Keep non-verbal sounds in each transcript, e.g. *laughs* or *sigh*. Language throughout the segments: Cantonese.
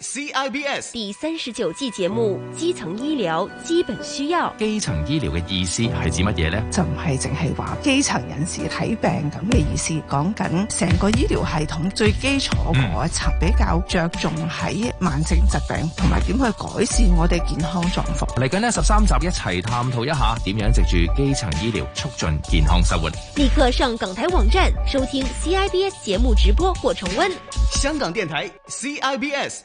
CIBS 第三十九季節目基層醫療基本需要，基層醫療嘅意思係指乜嘢呢？就唔係淨係話基層人士睇病咁嘅、這個、意思，講緊成個醫療系統最基礎嗰一層，嗯、比較着重喺慢性疾病同埋點去改善我哋健康狀況。嚟緊呢十三集一齊探討一下點樣藉住基層醫療促進健康生活。立刻上港台網站收聽 CIBS 節目直播或重溫。香港電台 CIBS。C I B S,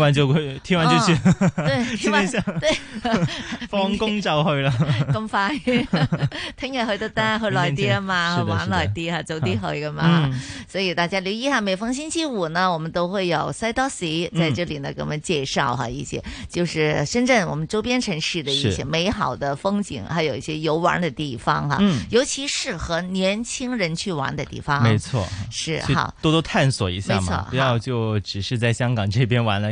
換做佢聽完就去，聽完對，放工就去了，咁快，聽日去都得，去耐啲啊嘛，玩耐啲吓，早啲去噶嘛。所以大家留意下，每逢星期五呢，我們都會有西多士在這裏呢，給我們介紹哈一些，就是深圳我們周邊城市的一些美好的風景，還有一些遊玩的地方哈，尤其適合年輕人去玩的地方。沒錯，是好多多探索一下嘛，不要就只是在香港這邊玩了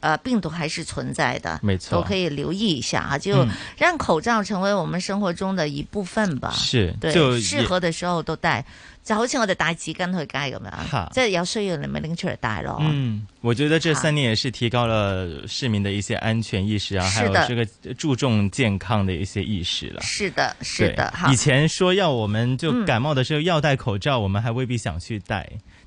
呃，病毒還是存在的，沒錯，都可以留意一下啊，就讓口罩成為我們生活中的一部分吧。是，對，適合的時候都戴，就好似我哋帶紙巾去街咁樣，即係有需要你咪拎出嚟戴咯。嗯，我覺得這三年也是提高了市民的一些安全意識啊，還有這個注重健康的一些意識了。是的，是的，哈。以前說要我們就感冒的時候要戴口罩，我們還未必想去戴。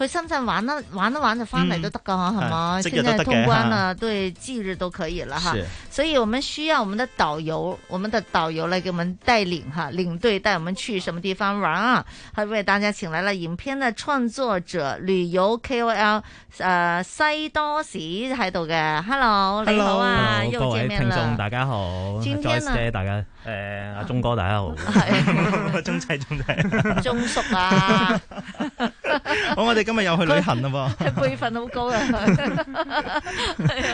去深圳玩啦，玩啦玩就翻嚟都得噶，係咪、嗯？嗎啊、現在通關啦，啊、對，即日都可以啦，哈的。所以，我們需要我們的導遊，我們的導遊來給我們帶領，哈，領隊帶我們去什麼地方玩啊？還為大家請來了影片的創作者、旅遊 KOL 誒、呃、西 DorSi 喺度嘅，Hello，你好啊，各位聽眾大家好，又見面啦，謝謝大家。誒，阿鍾哥，大家好。係，鍾仔，鍾仔，鍾叔啊！好，我哋今日又去旅行啦噃。輩分好高啊！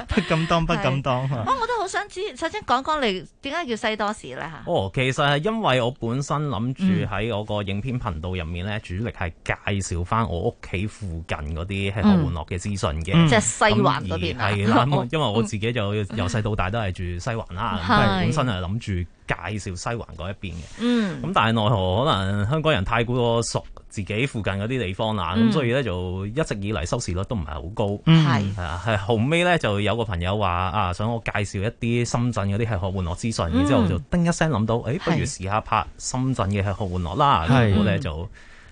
不敢當，不敢當。我我都好想知，首先講講你點解叫西 DorSi 咧吓？哦，其實係因為我本身諗住喺我個影片頻道入面咧，主力係介紹翻我屋企附近嗰啲吃喝玩樂嘅資訊嘅，即係西環嗰邊係啦。因為我自己就由細到大都係住西環啦，本身係諗住。介紹西環嗰一邊嘅，咁、嗯、但係奈何可能香港人太過熟自己附近嗰啲地方啦，咁、嗯、所以咧就一直以嚟收視率都唔係好高，係係、嗯嗯、後尾咧就有個朋友話啊，想我介紹一啲深圳嗰啲係學玩樂資訊，然、嗯、之後就叮一聲諗到，誒、欸、不如試下拍深圳嘅係學玩樂啦，咧是就。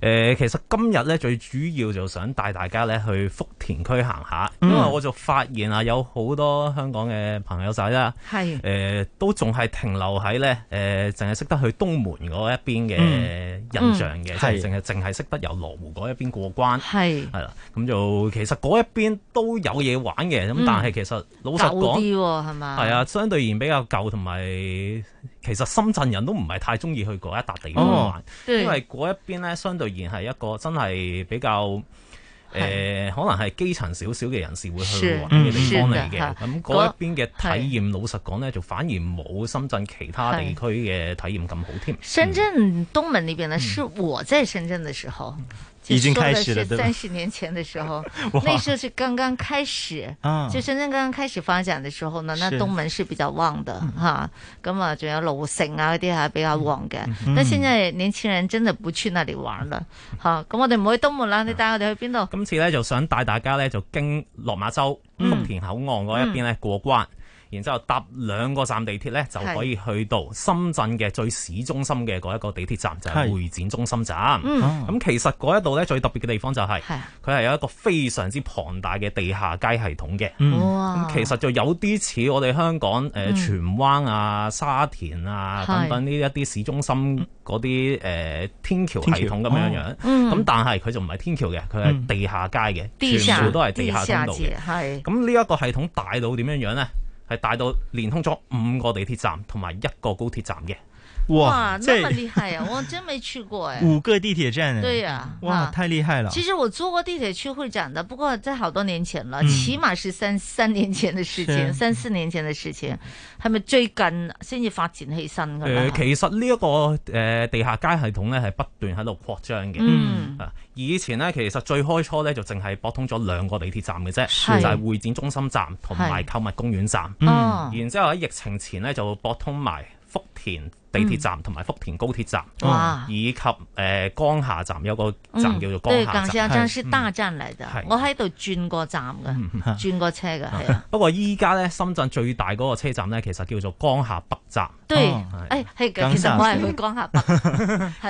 誒，其實今日咧最主要就想帶大家咧去福田區行下，嗯、因為我就發現啊，有好多香港嘅朋友仔啦，係誒是、呃、都仲係停留喺咧誒，淨係識得去東門嗰一邊嘅印象嘅，即係淨係淨係識得由羅湖嗰一邊過關，係係啦。咁就是其實嗰一邊都有嘢玩嘅，咁、嗯、但係其實老實講，係嘛？係啊，相對而言比較舊同埋。其實深圳人都唔係太中意去嗰一笪地方玩，哦、對，因為嗰一邊咧相對而係一個真係比較誒是、呃，可能係基層少少嘅人士會去玩嘅地方嚟嘅。咁嗰一邊嘅體驗，嗯、老實講呢，就反而冇深圳其他地區嘅體驗咁好添。是嗯、深圳東門呢邊呢，是我在深圳嘅時候。嗯已經開始了，三十年前的時候，哇那時候是剛剛開始，啊、就深圳剛剛開始發展的時候呢，那東門是比較旺的，吓是，咁、嗯、啊仲有老城啊嗰啲吓比較旺嘅，嗯、但現在年輕人真係唔會去那裏嚟玩啦，吓、嗯，咁我哋唔好去東門啦，嗯、你帶我哋去邊度？今次呢就想帶大家呢就經落馬洲、嗯、福田口岸嗰一邊咧過關。嗯嗯然之後搭兩個站地鐵咧，就可以去到深圳嘅最市中心嘅嗰一個地鐵站，就係會展中心站。咁其實嗰一度咧最特別嘅地方就係佢係有一個非常之龐大嘅地下街系統嘅。哇！咁其實就有啲似我哋香港誒荃灣啊、沙田啊等等呢一啲市中心嗰啲誒天橋系統咁樣樣。咁但係佢就唔係天橋嘅，佢係地下街嘅，全部都係地下通道嘅。係咁呢一個系統大到點樣樣呢？係大到連通咗五個地鐵站同埋一個高鐵站嘅。哇，咁厲害啊！我真沒去過誒，五個地鐵站，對啊！哇，太厲害啦！其實我坐過地鐵去會展的，不過在好多年前啦，起碼是三三年前的事情，三四年前的事情，係咪最近先至發展起身噶？誒，其實呢一個誒地下街系統呢係不斷喺度擴張嘅，嗯，啊，以前呢，其實最開初呢就淨係駁通咗兩個地鐵站嘅啫，就係會展中心站同埋購物公園站，然之後喺疫情前呢，就駁通埋福田地鐵站同埋福田高鐵站，以及誒江夏站，有個站叫做江夏站，係啊，我喺度轉過站噶，轉過車噶，不過依家咧，深圳最大嗰個車站呢，其實叫做江夏北站。對，誒，係嘅。其實我係去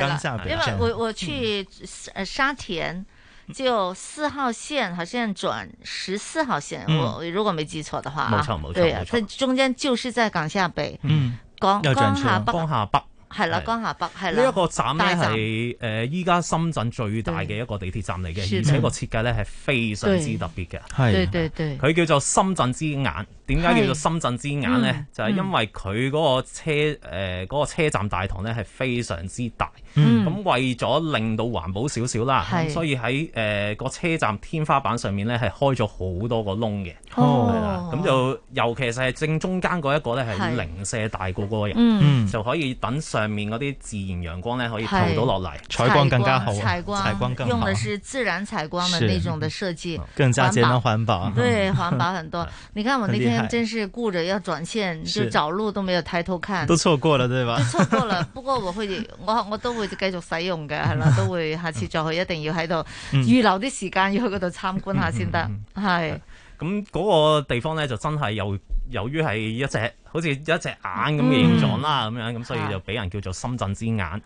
江夏北，因為我我去沙田就四號線，好像轉十四號線，我如果沒記錯的話啊，冇錯冇錯，中間就是在江夏北。嗯。又江夏江下北係啦，的江下北係啦。呢的一個站咧係誒，依家深圳最大嘅一個地鐵站嚟嘅，對而且個設計咧係非常之特別嘅，係對，的對，對對對，佢叫做深圳之眼。點解叫做深圳之眼呢？就係因為佢嗰個車誒嗰個車站大堂咧係非常之大，咁為咗令到環保少少啦，所以喺誒個車站天花板上面咧係開咗好多個窿嘅，咁就尤其是係正中間嗰一個咧係零舍大過個人，就可以等上面嗰啲自然陽光咧可以透到落嚟，採光更加好。採光更好。用嘅係自然採光嘅呢種嘅設計，更加簡單環保。對，環保很多。你看我那真是顧着要轉線，是就走路都沒有抬頭看，都錯過了對吧？都 *laughs* 錯過了，不過我會我我都會繼續使用嘅，係啦， *laughs* 都會下次再去，一定要喺度預留啲時間，嗯、要去嗰度參觀下先得，係。咁嗰個地方咧就真係由由於係一隻。好似一隻眼咁嘅形狀啦，咁樣咁，所以就俾人叫做深圳之眼，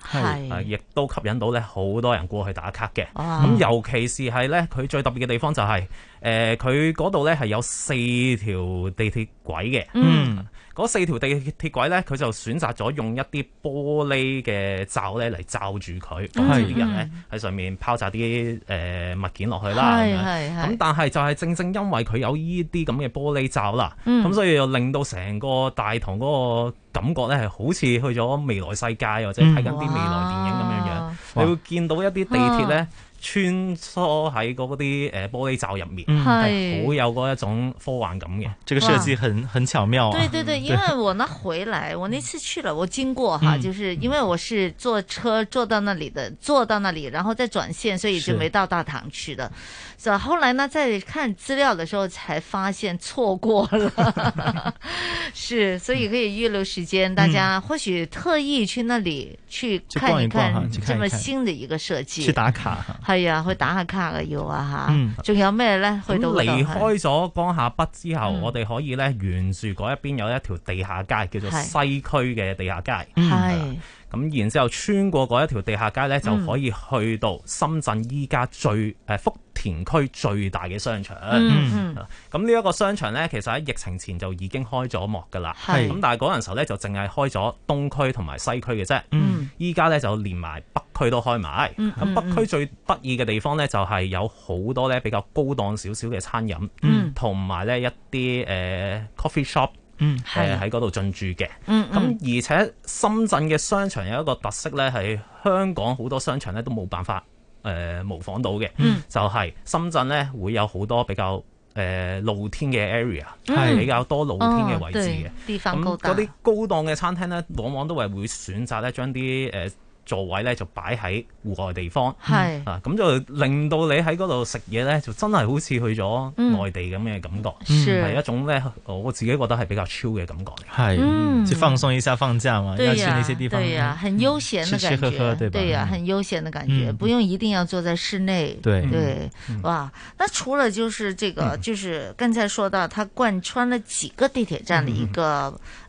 亦都係吸引到咧好多人過去打卡嘅。咁、啊、尤其是係咧，佢最特別嘅地方就係、誒，佢嗰度咧係有四條地鐵軌嘅。嗯。嗯。嗰四條地鐵軌咧，佢就選擇咗用一啲玻璃嘅罩咧嚟罩住佢，咁啲人咧喺上面拋擲啲誒物件落去啦。咁但係就係正正因為佢有呢啲咁嘅玻璃罩啦，咁、嗯、所以又令到成個大堂嗰個感覺咧係好似去咗未來世界，或者睇緊啲未來電影咁樣樣。嗯、你會見到一啲地鐵咧。啊穿梭喺嗰啲誒玻璃罩入面，係好、嗯、有嗰一種科幻感嘅。這個設計很哇很巧妙啊！對對對，因為我呢，回來，我那次去了，我經過哈，嗯、就是因為我是坐車坐到那裡的，坐到那裡然後再轉線，所以就沒到大堂去的。所吧？後來呢，在看資料的時候才發現錯過了，是，所以可以預留時間，大家或許特意去那裡去看一看這麼新的一個設計，去打卡哈。係啊，去打下卡有啊哈。嗯，仲有咩呢？去到離開咗崗廈北之後，我哋可以呢沿住嗰一邊有一條地下街，叫做西區嘅地下街。係。咁然之後穿過嗰一條地下街咧，就可以去到深圳依家最誒、嗯、福田區最大嘅商場嗯，咁呢一個商場咧，其實喺疫情前就已經開咗幕噶啦。咁係但係嗰陣時候咧，就淨係開咗東區同埋西區嘅啫。依家咧就連埋北區都開埋。咁、嗯、北區最得意嘅地方咧，就係有好多咧比較高檔少少嘅餐飲嗯，同埋咧一啲誒、呃、coffee shop。嗯，係喺嗰度進駐嘅。嗯，咁、嗯呃、而且深圳嘅商場有一個特色咧，係香港好多商場咧都冇辦法誒、呃、模仿到嘅。嗯，就係深圳咧會有好多比較誒、呃、露天嘅 area，係、嗯、比較多露天嘅位置嘅。啲、哦高、嗯、高檔。咁嗰啲高檔嘅餐廳咧，往往都係會選擇咧將啲誒。呃座位咧就擺喺戶外地方，係啊，咁就令到你喺嗰度食嘢咧，就真係好似去咗內地咁嘅感覺，係一種咧我自己覺得係比較 chill 嘅感覺，係嗯，放鬆一下放假嘛，尤其是那些地方，對呀，很悠閒嘅感覺，對呀，很悠閒嘅感覺，不用一定要坐在室內，對，對，哇！那除了就是這個，就是剛才說到，它貫穿了幾個地鐵站嘅一個。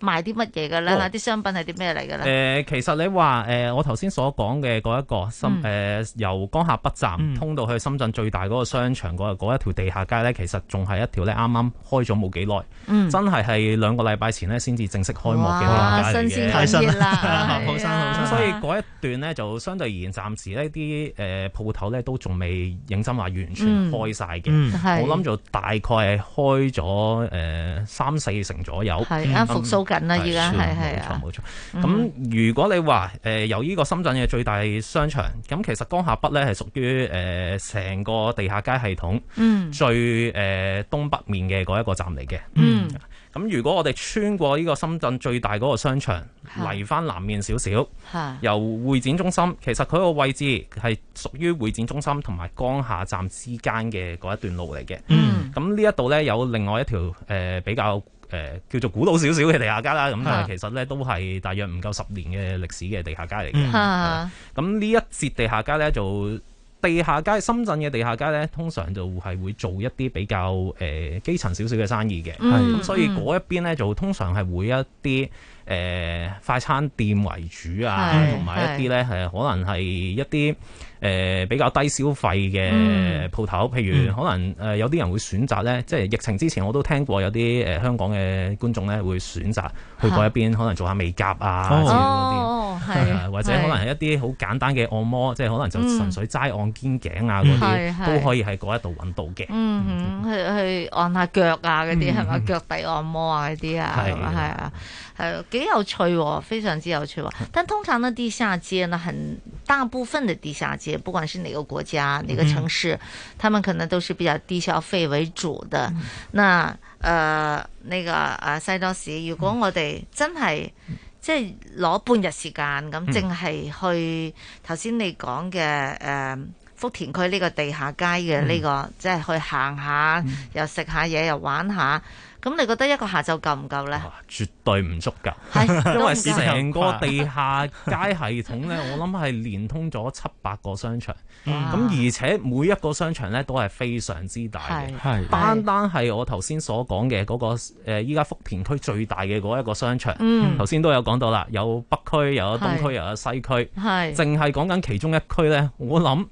賣啲乜嘢噶咧？啲商品係啲咩嚟嘅咧？誒、哦呃，其實你話誒、呃，我頭先所講嘅嗰一個深誒、嗯呃，由江夏北站通到去深圳最大嗰個商場嗰嗰一條地下街咧，嗯、其實仲係一條咧，啱啱開咗冇幾耐，真係係兩個禮拜前咧先至正式開幕嘅，新鮮太新啦！好新好新，啊啊、所以嗰一段咧就相對而言，暫時呢啲誒鋪頭咧都仲未認真話完全開晒嘅，嗯、我諗就大概係開咗誒、呃、三四成左右，復蘇、啊。緊啦，而家係係冇錯冇錯。咁如果你話誒、呃、由呢個深圳嘅最大商場，咁其實崗廈北呢係屬於誒成、呃、個地下街系統、嗯、最誒、呃、東北面嘅嗰一個站嚟嘅。嗯，咁如果我哋穿過呢個深圳最大嗰個商場嚟翻、啊、南面少少，啊、由會展中心，其實佢個位置係屬於會展中心同埋崗廈站之間嘅嗰一段路嚟嘅。嗯，咁呢一度呢有另外一條誒、呃、比較。誒叫做古老少少嘅地下街啦，咁但係其實咧都係大約唔夠十年嘅歷史嘅地下街嚟嘅。咁呢、嗯嗯、一節地下街咧就地下街，深圳嘅地下街咧通常就係會做一啲比較誒、呃、基層少少嘅生意嘅。咁、嗯、所以嗰一邊咧就通常係會一啲誒、呃、快餐店為主啊，同埋一啲咧係可能係一啲。誒比較低消費嘅鋪頭，譬如可能誒有啲人會選擇咧，即係疫情之前我都聽過有啲誒香港嘅觀眾咧會選擇去嗰一邊，可能做下美甲啊之類嗰啲，係啊，或者可能係一啲好簡單嘅按摩，即係可能就純粹齋按肩頸啊嗰啲都可以喺嗰一度揾到嘅。嗯，去去按下腳啊嗰啲係咪？腳底按摩啊嗰啲啊係啊。誒，幾有趣喎、哦，非常之有趣喎、哦。但通常呢，地下街呢，很大部分的地下街，不管是哪個國家、嗯、哼哪個城市，他們可能都是比較低消費為主的。嗯、哼那誒、呃，那個誒、啊，西 DorSi，如果我哋真係、嗯、哼即係攞半日時間咁，淨係去頭先你講嘅誒福田區呢個地下街嘅呢、這個，嗯、哼即係去行，行、嗯、哼下，又食下嘢，又玩下。咁你覺得一個下晝夠唔夠呢、啊？絕對唔足夠，足夠，因為成個地下街系統呢， *laughs* 我諗係連通咗七八個商場，咁、嗯、而且每一個商場呢，都係非常之大嘅。單單單係我頭先所講嘅嗰個，誒，依家福田區最大嘅嗰一個商場，頭先、嗯、都有講到啦，有北區，有東區，是有西區，係，淨係講緊其中一區呢，我諗。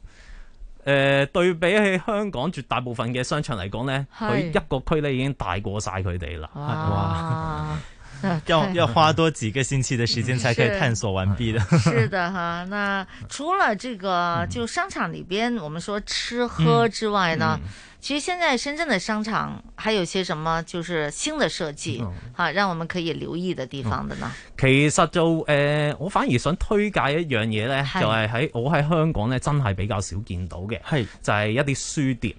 誒、呃、對比起香港絕大部分嘅商場嚟講呢，佢是一個區已經大過晒佢哋啦。哇，哇要！要花多幾個星期嘅時間才可以探索完畢的。是的哈，那除了這個就商場裏邊我們說吃喝之外呢？嗯嗯其實現在深圳的商場還有些什麼，就是新的設計，嗯、啊，讓我們可以留意的地方的呢？嗯、其實就誒、呃，我反而想推介一樣嘢呢，是就係喺我喺香港呢，真係比較少見到嘅，是就係一啲書店。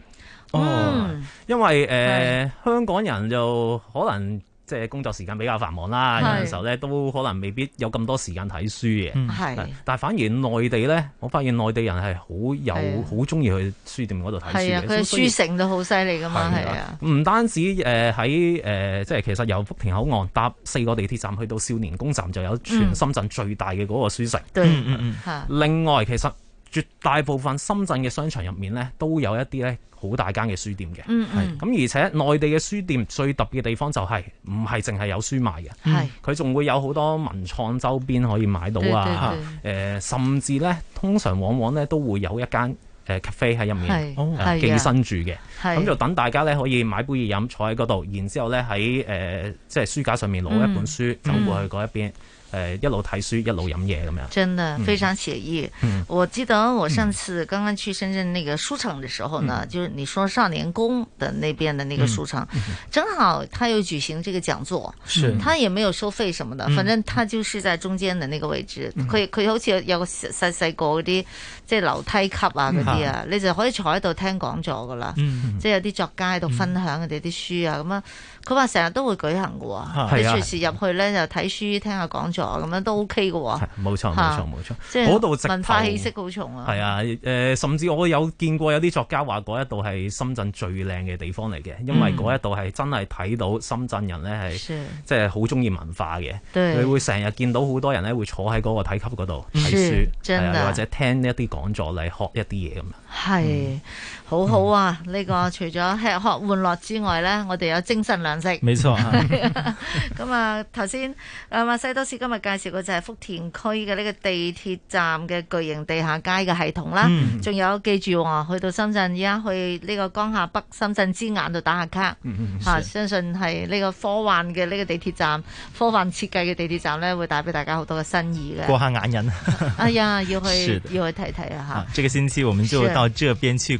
是哦，嗯、因為誒，呃、是香港人就可能。即係工作時間比較繁忙啦，有陣時候咧都可能未必有咁多時間睇書嘅。係嗯、但反而內地咧，我發現內地人係好有好中意去書店嗰度睇書嘅。佢、啊、以書城都好犀利噶嘛，啊。唔、啊、單止誒喺即係其實由福田口岸搭四個地鐵站去到少年宮站，就有全深圳最大嘅嗰個書城。對、嗯，嗯嗯、啊、另外其實。絕大部分深圳嘅商場入面呢，都有一啲呢好大間嘅書店嘅，咁、嗯嗯、而且內地嘅書店最特別嘅地方就係唔係淨係有書賣嘅，佢仲、嗯、會有好多文創周邊可以買到啊，誒對、呃、甚至呢，通常往往呢都會有一間誒 cafe 喺入面寄是身住嘅，咁的就等大家呢可以買杯嘢飲坐喺嗰度，然之後呢喺誒即係書架上面攞一本書、嗯、走過去嗰一邊。嗯嗯誒，一路睇書，一路飲嘢咁樣，真的非常寫意。我記得我上次剛剛去深圳那個書城的時候呢，就是你說少年宮的那邊的那個書城，正好佢又舉行這個講座，佢也沒有收費什麼的，反正佢就是在中間的那個位置。佢佢好似有個細細個嗰啲，即係樓梯級啊嗰啲啊，你就可以坐喺度聽講座㗎啦。即係有啲作家喺度分享佢哋啲書啊咁啊。佢話成日都會舉行嘅喎，你隨時入去咧就睇書、聽下講座咁樣都 OK 嘅喎。冇錯冇錯冇錯，嗰度文化氣息好重啊。係啊，誒甚至我有見過有啲作家話嗰一度係深圳最靚嘅地方嚟嘅，因為嗰一度係真係睇到深圳人咧係即係好中意文化嘅，你會成日見到好多人咧會坐喺嗰個梯級嗰度睇書，係啊或者聽一啲講座嚟學一啲嘢咁樣。係。好好啊！呢、嗯、個除咗吃喝玩樂之外呢，我哋有精神糧食。沒錯咁啊，頭先誒，馬才、 *laughs* 啊、西多士今日介紹嘅就係福田區嘅呢個地鐵站嘅巨型地下街嘅系統啦。仲、嗯、有記住喎，去到深圳而家去呢個江夏北深圳之眼度打下卡。吓、嗯啊，相信係呢個科幻嘅呢個地鐵站，科幻設計嘅地鐵站呢，會帶俾大家好多嘅新意嘅。過下眼癮。 *laughs* 哎呀，要去的要去睇睇啊！吓、啊。這個星期我們就到這邊去。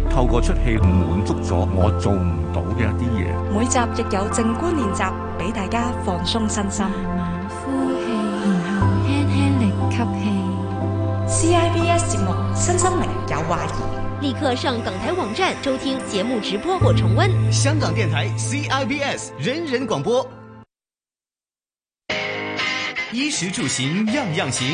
透過出氣，滿足咗我做唔到嘅一啲嘢。每集亦有靜觀練習，俾大家放鬆身心。呼氣，然後輕輕哋吸氣。CIBS 節目《新心靈有話》，立刻上港台網站收聽節目直播或重温。香港電台 CIBS 人人廣播，衣食住行樣樣行。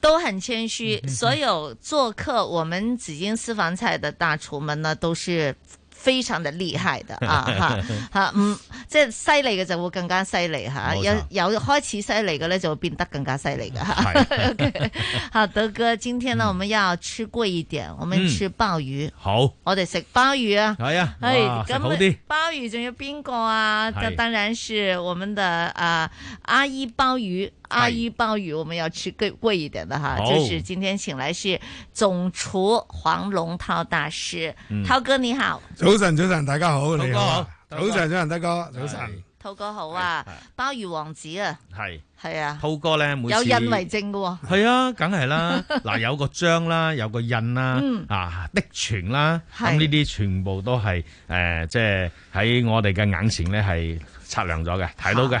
都很謙虛。所有做客我們紫荊私房菜的大廚們呢，都是非常的厲害的啊！哈哈，嗯，即係犀利嘅就會更加犀利吓，有有開始犀利嘅咧就會變得更加犀利嘅吓。OK，好，德哥，今天呢我們要吃貴一點，我們吃鮑魚。好，我哋食鮑魚啊。係啊，係咁，鮑魚仲有邊個啊？就當然是我們的啊阿姨鮑魚。阿姨鮑魚，我們要吃更貴一點的哈，就是今天請來是總廚黃隆滔大師，滔哥你好，早晨早晨大家好，滔哥好，早晨早晨大哥早晨，滔哥好啊，鮑魚王子啊，係係啊，滔哥咧每次有印為證嘅喎，係啊，梗係啦，嗱有個章啦，有個印啦，啊的傳啦，咁呢啲全部都係誒即係喺我哋嘅眼前咧係測量咗嘅，睇到嘅。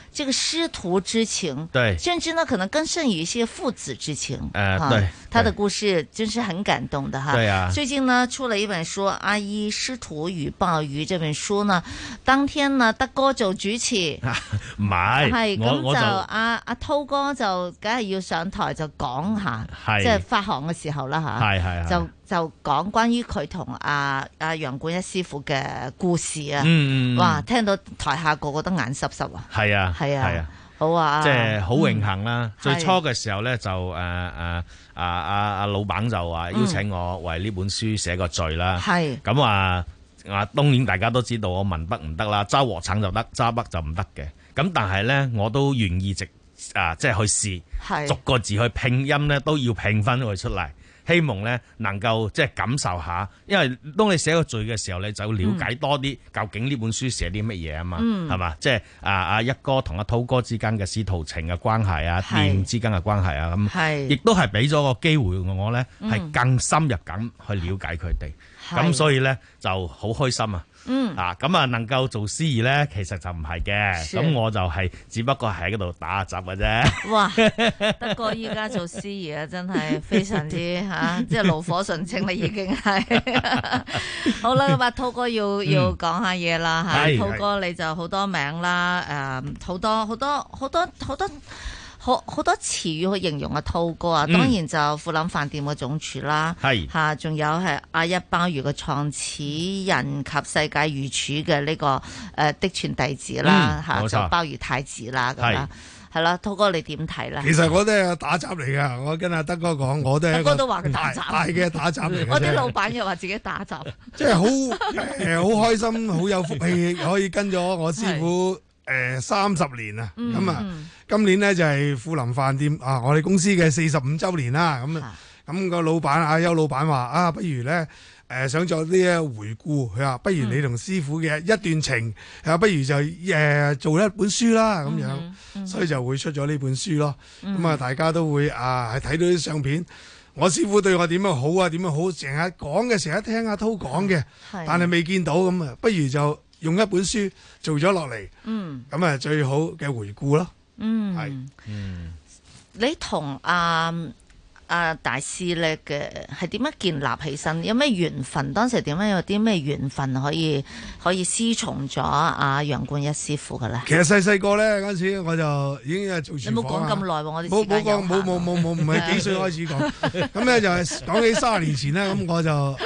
這個師徒之情，甚至呢可能更勝於一些父子之情。啊，對，他的故事真是很感動的哈。對啊，最近呢出了一本書《阿一師徒與鮑魚》這本書呢，當天呢德哥就主持，唔係，係咁就阿阿滔哥就梗係要上台就講下，即係發行嘅時候啦吓，係係就。就講關於佢同阿阿楊冠一師傅嘅故事啊，嗯、哇！聽到台下個個都眼濕濕啊，係啊，係啊，好啊，即係好榮幸啦。嗯、最初嘅時候咧，就誒誒誒誒誒，老闆就話邀請我為呢本書寫個序啦。係咁話啊，當然大家都知道我文筆唔得啦，揸鑊鏟就得，揸筆就唔得嘅。咁但係咧，我都願意直啊，即係去試，逐個字去拼音咧，都要拼翻佢出嚟。希望咧能夠即係感受下，因為當你寫個罪嘅時候咧，你就瞭解多啲究竟呢本書寫啲乜嘢啊嘛，係嘛？即係啊阿一哥同阿滔哥之間嘅師徒情嘅關係啊，連之間嘅關係啊，咁亦都係俾咗個機會我咧，係更深入咁去了解佢哋，咁所以咧就好開心啊！嗯，啊，咁啊，能夠做司儀咧，其實就唔係嘅，咁我就係只不過係喺嗰度打雜嘅啫。哇，不過依家做司儀啊，真係非常之吓，即係爐火純青啦，已經係。好啦，咁啊，濤哥要要講下嘢啦，係濤哥你就好多名啦，誒，好多好多好多好多。好好多詞語去形容阿滔哥啊，當然就富林飯店嘅總廚啦，嚇、嗯，仲有係阿一鮑魚嘅創始人及世界御廚嘅呢個誒嫡傳弟子啦，嚇、嗯啊，就鮑魚太子啦咁啦，係啦，滔哥你點睇咧？其實我都係打雜嚟噶，我跟阿德哥講，我都係，德哥都話佢打雜，大嘅打雜嚟，我啲老闆又話自己打雜，即係好誒，好、呃、開心，好有福氣， *laughs* 可以跟咗我師傅。誒，三十年啊，咁啊，今年咧，就係富林飯店啊，我哋公司嘅四十五周年啦，咁咁個老闆阿邱老闆話啊，不如咧，誒，想做啲回顧，佢話，不如你同師傅嘅一段情，不如就誒做一本書啦咁樣，所以就會出咗呢本書咯，咁啊，大家都會啊係睇到啲相片，我師傅對我點樣好啊，點樣好，成日講嘅，成日聽阿滔講嘅，但係未見到咁啊，不如就。用一本書做咗落嚟，咁啊、嗯、最好嘅回顧咯。嗯，係，嗯，你同啊。啊，大師咧嘅係點樣建立起身？有咩緣分？當時點樣有啲咩緣分可以可以師從咗阿、啊、楊貫一師傅嘅咧？其實細細個咧，嗰陣時我就已經係做廚房了。你沒說麼久啊！冇講咁耐喎，我哋冇冇講冇冇冇冇唔係幾歲開始講？咁咧 *laughs* 就講起三十年前咧，咁我就誒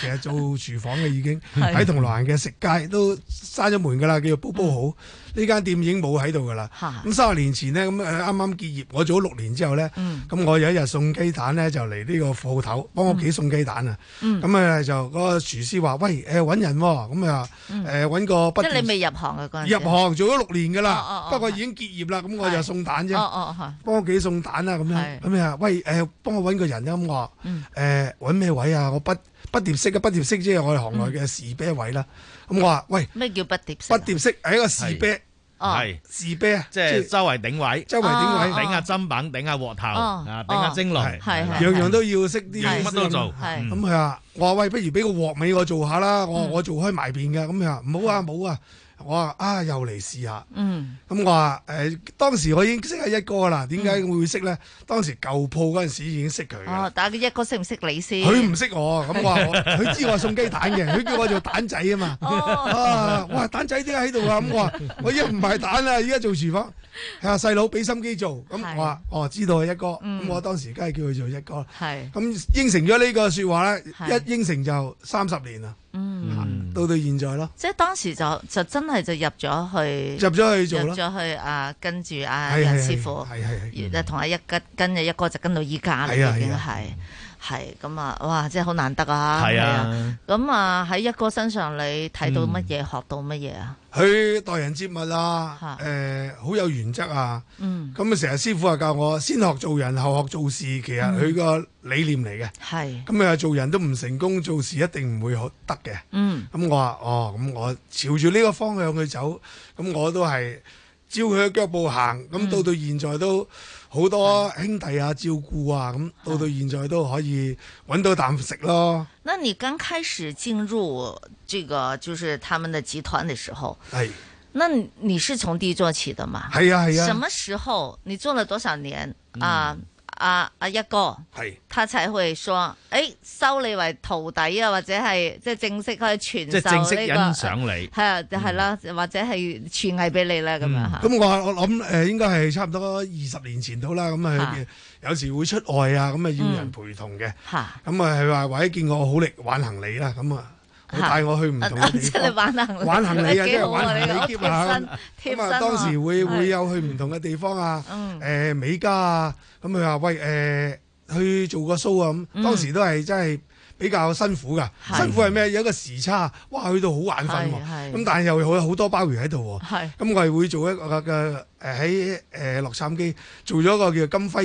其實做廚房嘅已經喺 *laughs* 銅鑼灣嘅食街都閂咗門㗎啦，叫做煲煲好。呢間店已經冇喺度㗎啦。咁三十年前咧，咁誒啱啱結業，我做咗六年之後咧，咁、嗯、我有一日送雞蛋咧，就嚟呢個鋪頭幫我屋企送雞蛋啊。咁誒、嗯、就、嗰個廚師話，喂，誒、呃、揾人喎、哦。咁啊誒揾個不即係你未入行啊？個入行做咗六年㗎啦，哦哦哦、不過已經結業啦。咁是我就送蛋啫。幫屋企送蛋啦。咁樣咁啊是、嗯？喂，誒、呃、幫我揾個人啊。咁我誒揾咩位啊？我不不疊色嘅不疊色、啊，即係我哋行內嘅士啤位啦、啊。嗯咁我話，喂，咩叫不疊式？不疊式係一個士啤。係士啤即係周圍頂位，周圍頂位，頂下砧板，頂下鑊頭啊，頂下蒸爐，樣樣都要識，啲乜都做。咁佢話，我話，喂，不如俾個鑊尾我做下啦，我我做開埋邊嘅。咁佢話，唔好啊，唔好啊。我話啊，又嚟試下。嗯。咁我話誒，當時我已經識阿一哥啦。點解會識咧？當時舊鋪嗰陣時已經識佢嘅。哦，但係一哥識唔識你先？佢唔識我，咁我話佢知我送雞蛋嘅，佢叫我做蛋仔啊嘛。哇，蛋仔點解喺度啊？咁我話我依家唔係蛋啦，依家做廚房。啊，細佬俾心機做，咁我話哦，知道啊，一哥。咁我當時梗係叫佢做一哥。係。咁應承咗呢個説話咧，一應承就三十年啦。嗯，到到現在咯，即係當時就就真係就入咗去，入咗去做咯，入咗去啊，跟住阿任師傅，係係，同阿一吉跟嘅一哥就跟到依家啦，已經係。是是是是。係咁啊！哇，真係好難得啊！係啊！咁啊，喺一哥身上你睇到乜嘢，嗯、學到乜嘢啊？佢待人接物啊，誒、啊，好、呃、有原則啊！嗯，咁啊，成日師傅啊教我先學做人，後學做事，其實佢個理念嚟嘅。係、嗯，咁啊，做人都唔成功，做事一定唔會得嘅。嗯，咁我話哦，咁我朝住呢個方向去走，咁我都係照佢腳步行，咁到到現在都。嗯好多兄弟啊，的照顧啊，咁到到現在都可以揾到啖食咯。那你剛開始進入這個就是他們的集團的時候，係的，那你是從低做起的嘛？係啊，係啊。什麼時候你做了多少年的啊？嗯阿阿、啊、一哥，係是，他齊會說，誒，收你為徒弟啊，或者係即係正式去傳授呢個，欣賞你，係啊、這個，係啦、嗯，或者係傳藝俾你啦，咁樣吓。咁、嗯嗯、我我諗誒、呃，應該係差唔多二十年前到啦。咁、嗯、啊，有時會出外啊，咁啊要人陪同嘅，咁啊係話或者見過我好力挽行李啦，咁、嗯、啊。嗯帶我去唔同嘅地方玩行李啊，即係玩行李啊，咁啊，當時會會有去唔同嘅地方啊，誒美加啊，咁佢話，喂，誒去做個 show 啊，咁當時都係真係比較辛苦噶，辛苦係咩？有個時差，哇，去到好眼瞓喎，咁但係又好好多鮑魚喺度喎，咁我係會做一個個誒喺誒洛杉磯做咗個叫金輝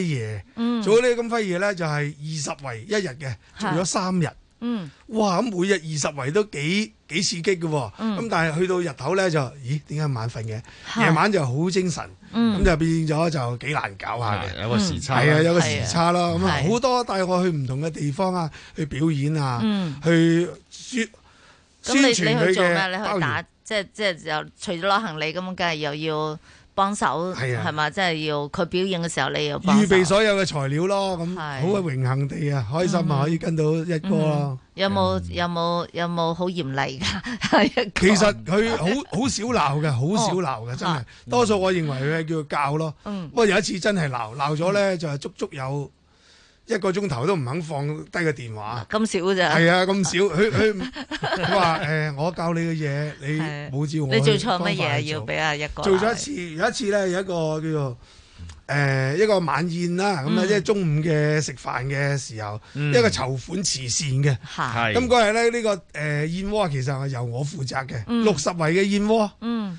爺，做咗啲金輝爺咧就係二十圍一日嘅，做咗三日。嗯，哇！咁每日二十圍都幾幾刺激嘅，咁但係去到日頭咧就，咦？點解晚瞓嘅？夜晚就好精神，咁就變咗就幾難搞下嘅。有個時差係啊，有個時差咯。咁好多帶我去唔同嘅地方啊，去表演啊，去宣宣傳佢嘅。咁你你去做咩？你去打，即係即係又除咗攞行李，咁梗係又要。幫手係啊，係嘛，即係、就是、要佢表演嘅時候，你要預備所有嘅材料咯。咁好嘅榮幸地啊，開心啊，嗯、可以跟到一哥咯。嗯、有冇有冇有冇好嚴厲噶？ *laughs* 個其實佢好好少鬧嘅，好少鬧嘅，真係。多數我認為佢係叫教咯。嗯，不過有一次真係鬧鬧咗咧，就係足足有。一個鐘頭都唔肯放低個電話，咁少咋？係，係啊，咁少。佢佢佢話誒，我教你嘅嘢，你冇照我。你做錯乜嘢？要俾阿一哥做咗一次，有一次咧，有一個叫做誒、呃、一個晚宴啦，咁啊、嗯、即係中午嘅食飯嘅時候，嗯、一個籌款慈善嘅。咁嗰日咧呢、這個誒、呃、燕窩其實係由我負責嘅，六十圍嘅燕窩。嗯。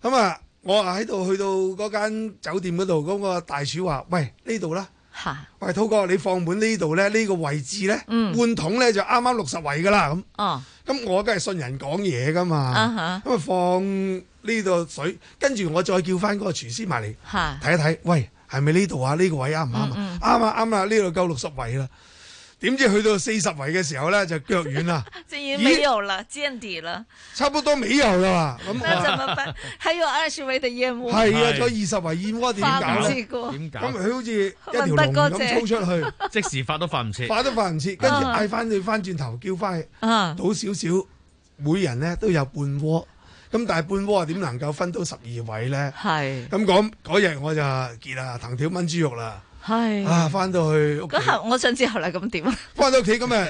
咁、嗯、啊，我啊喺度去到嗰間酒店嗰度，嗰、那個大廚話，喂，呢度啦。喂，滔哥，你放滿呢度咧？呢、這個位置咧，嗯、半桶咧就啱啱六十位噶啦咁。咁、哦、我梗係信人講嘢噶嘛。咁啊哈放呢度水，跟住我再叫翻個廚師埋嚟睇一睇。喂，係咪呢度啊？呢、這個位啱唔啱啊？啱啊啱啊，呢度夠六十位啦。點知去到四十圍嘅時候咧，就腳軟啦，直軟冇啦，見底啦，差不多沒有啦嘛。咁那怎麼辦？還有二十圍嘅燕窩。係啊，再二十圍燕窩點搞？點搞？咁佢好似一條龍咁抽出去，即時發都發唔切，發都發唔切。跟住嗌翻你翻轉頭叫翻去，倒少少，每人咧都有半窩。咁但係半窩點能夠分到十二位咧？係。咁嗰日我就結啦，藤條炆豬肉啦。係啊，翻到去咁我想知後嚟咁點啊？翻到屋企咁啊，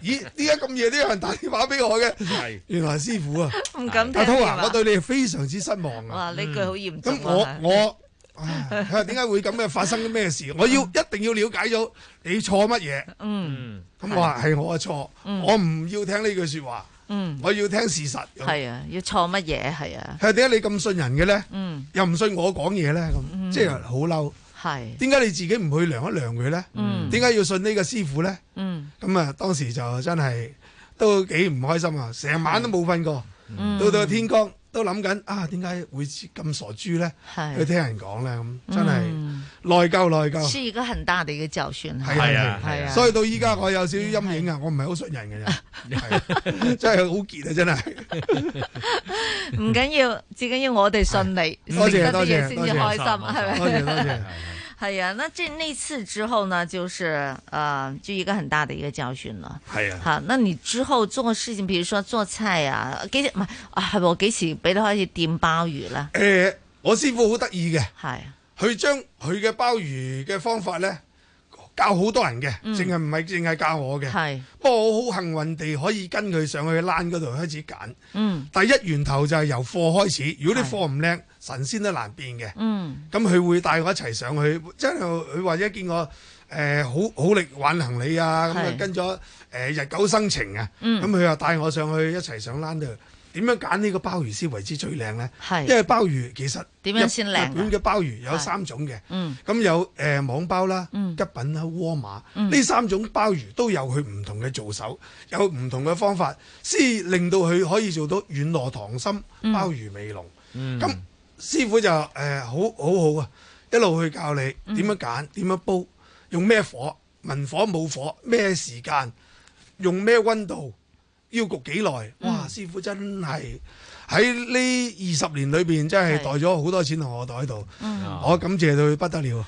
咦？點解咁夜都有人打電話俾我嘅？係，原來師傅啊，唔敢聽阿濤啊，我對你係非常之失望啊！哇，呢句好嚴重。咁我我，點解會咁嘅？發生啲咩事？我要一定要了解咗你錯乜嘢？嗯。咁我話係我嘅錯，我唔要聽呢句說話。嗯。我要聽事實。係啊，要錯乜嘢？係啊。係點解你咁信人嘅咧？又唔信我講嘢咧？咁，即係好嬲。係，點解你自己唔去量一量佢呢？點解要信呢個師傅呢？咁啊，當時就真係都幾唔開心啊！成晚都冇瞓過，到到天光，都諗緊啊！點解會咁傻豬咧？佢聽人講咧，咁真係內疚內疚。是一個很大的嘅就算。係啊係啊，所以到依家我有少少陰影啊！我唔係好信人嘅咋，真係好結啊！真係唔緊要，至緊要我哋信你，多謝多謝，先至開心，係咪？係啊、啊，那這那次之後呢，就是，呃，就一個很大的一個教訓啦。係啊。好，那你之後做個事情，比如說做菜呀、啊，幾時唔係，係我幾時俾你開始點鮑魚呢？誒、呃，我師傅好得意嘅，係、啊，佢將佢嘅鮑魚嘅方法呢教好多人嘅，淨係唔係淨係教我嘅。係是，不過我好幸運地可以跟佢上去欄嗰度開始揀。嗯，第一源頭就係由貨開始。如果啲貨唔靚，是神仙都難變嘅。嗯，咁佢會帶我一齊上去，即係佢或者見我誒、呃、好好力挽行李啊，咁啊是跟咗誒、呃、日久生情啊。嗯，咁佢又帶我上去一齊上欄度。點樣揀呢個鮑魚先為之最靚呢？是因為鮑魚其實點樣先靚？日本嘅鮑魚有三種嘅，咁有誒、呃、網包啦、嗯、吉品啦、禾麻，呢、嗯、三種鮑魚都有佢唔同嘅做手，有唔同嘅方法，先令到佢可以做到軟糯糖心、鮑、嗯、魚味濃。咁、嗯、師傅就誒、呃、好，好好好啊，一路去教你點樣揀、點、嗯、樣煲、用咩火、文火冇火、咩時間、用咩溫度。要焗幾耐？哇！師傅真係喺呢二十年裏邊，真係袋咗好多錢同我袋喺度，我感謝到不得了。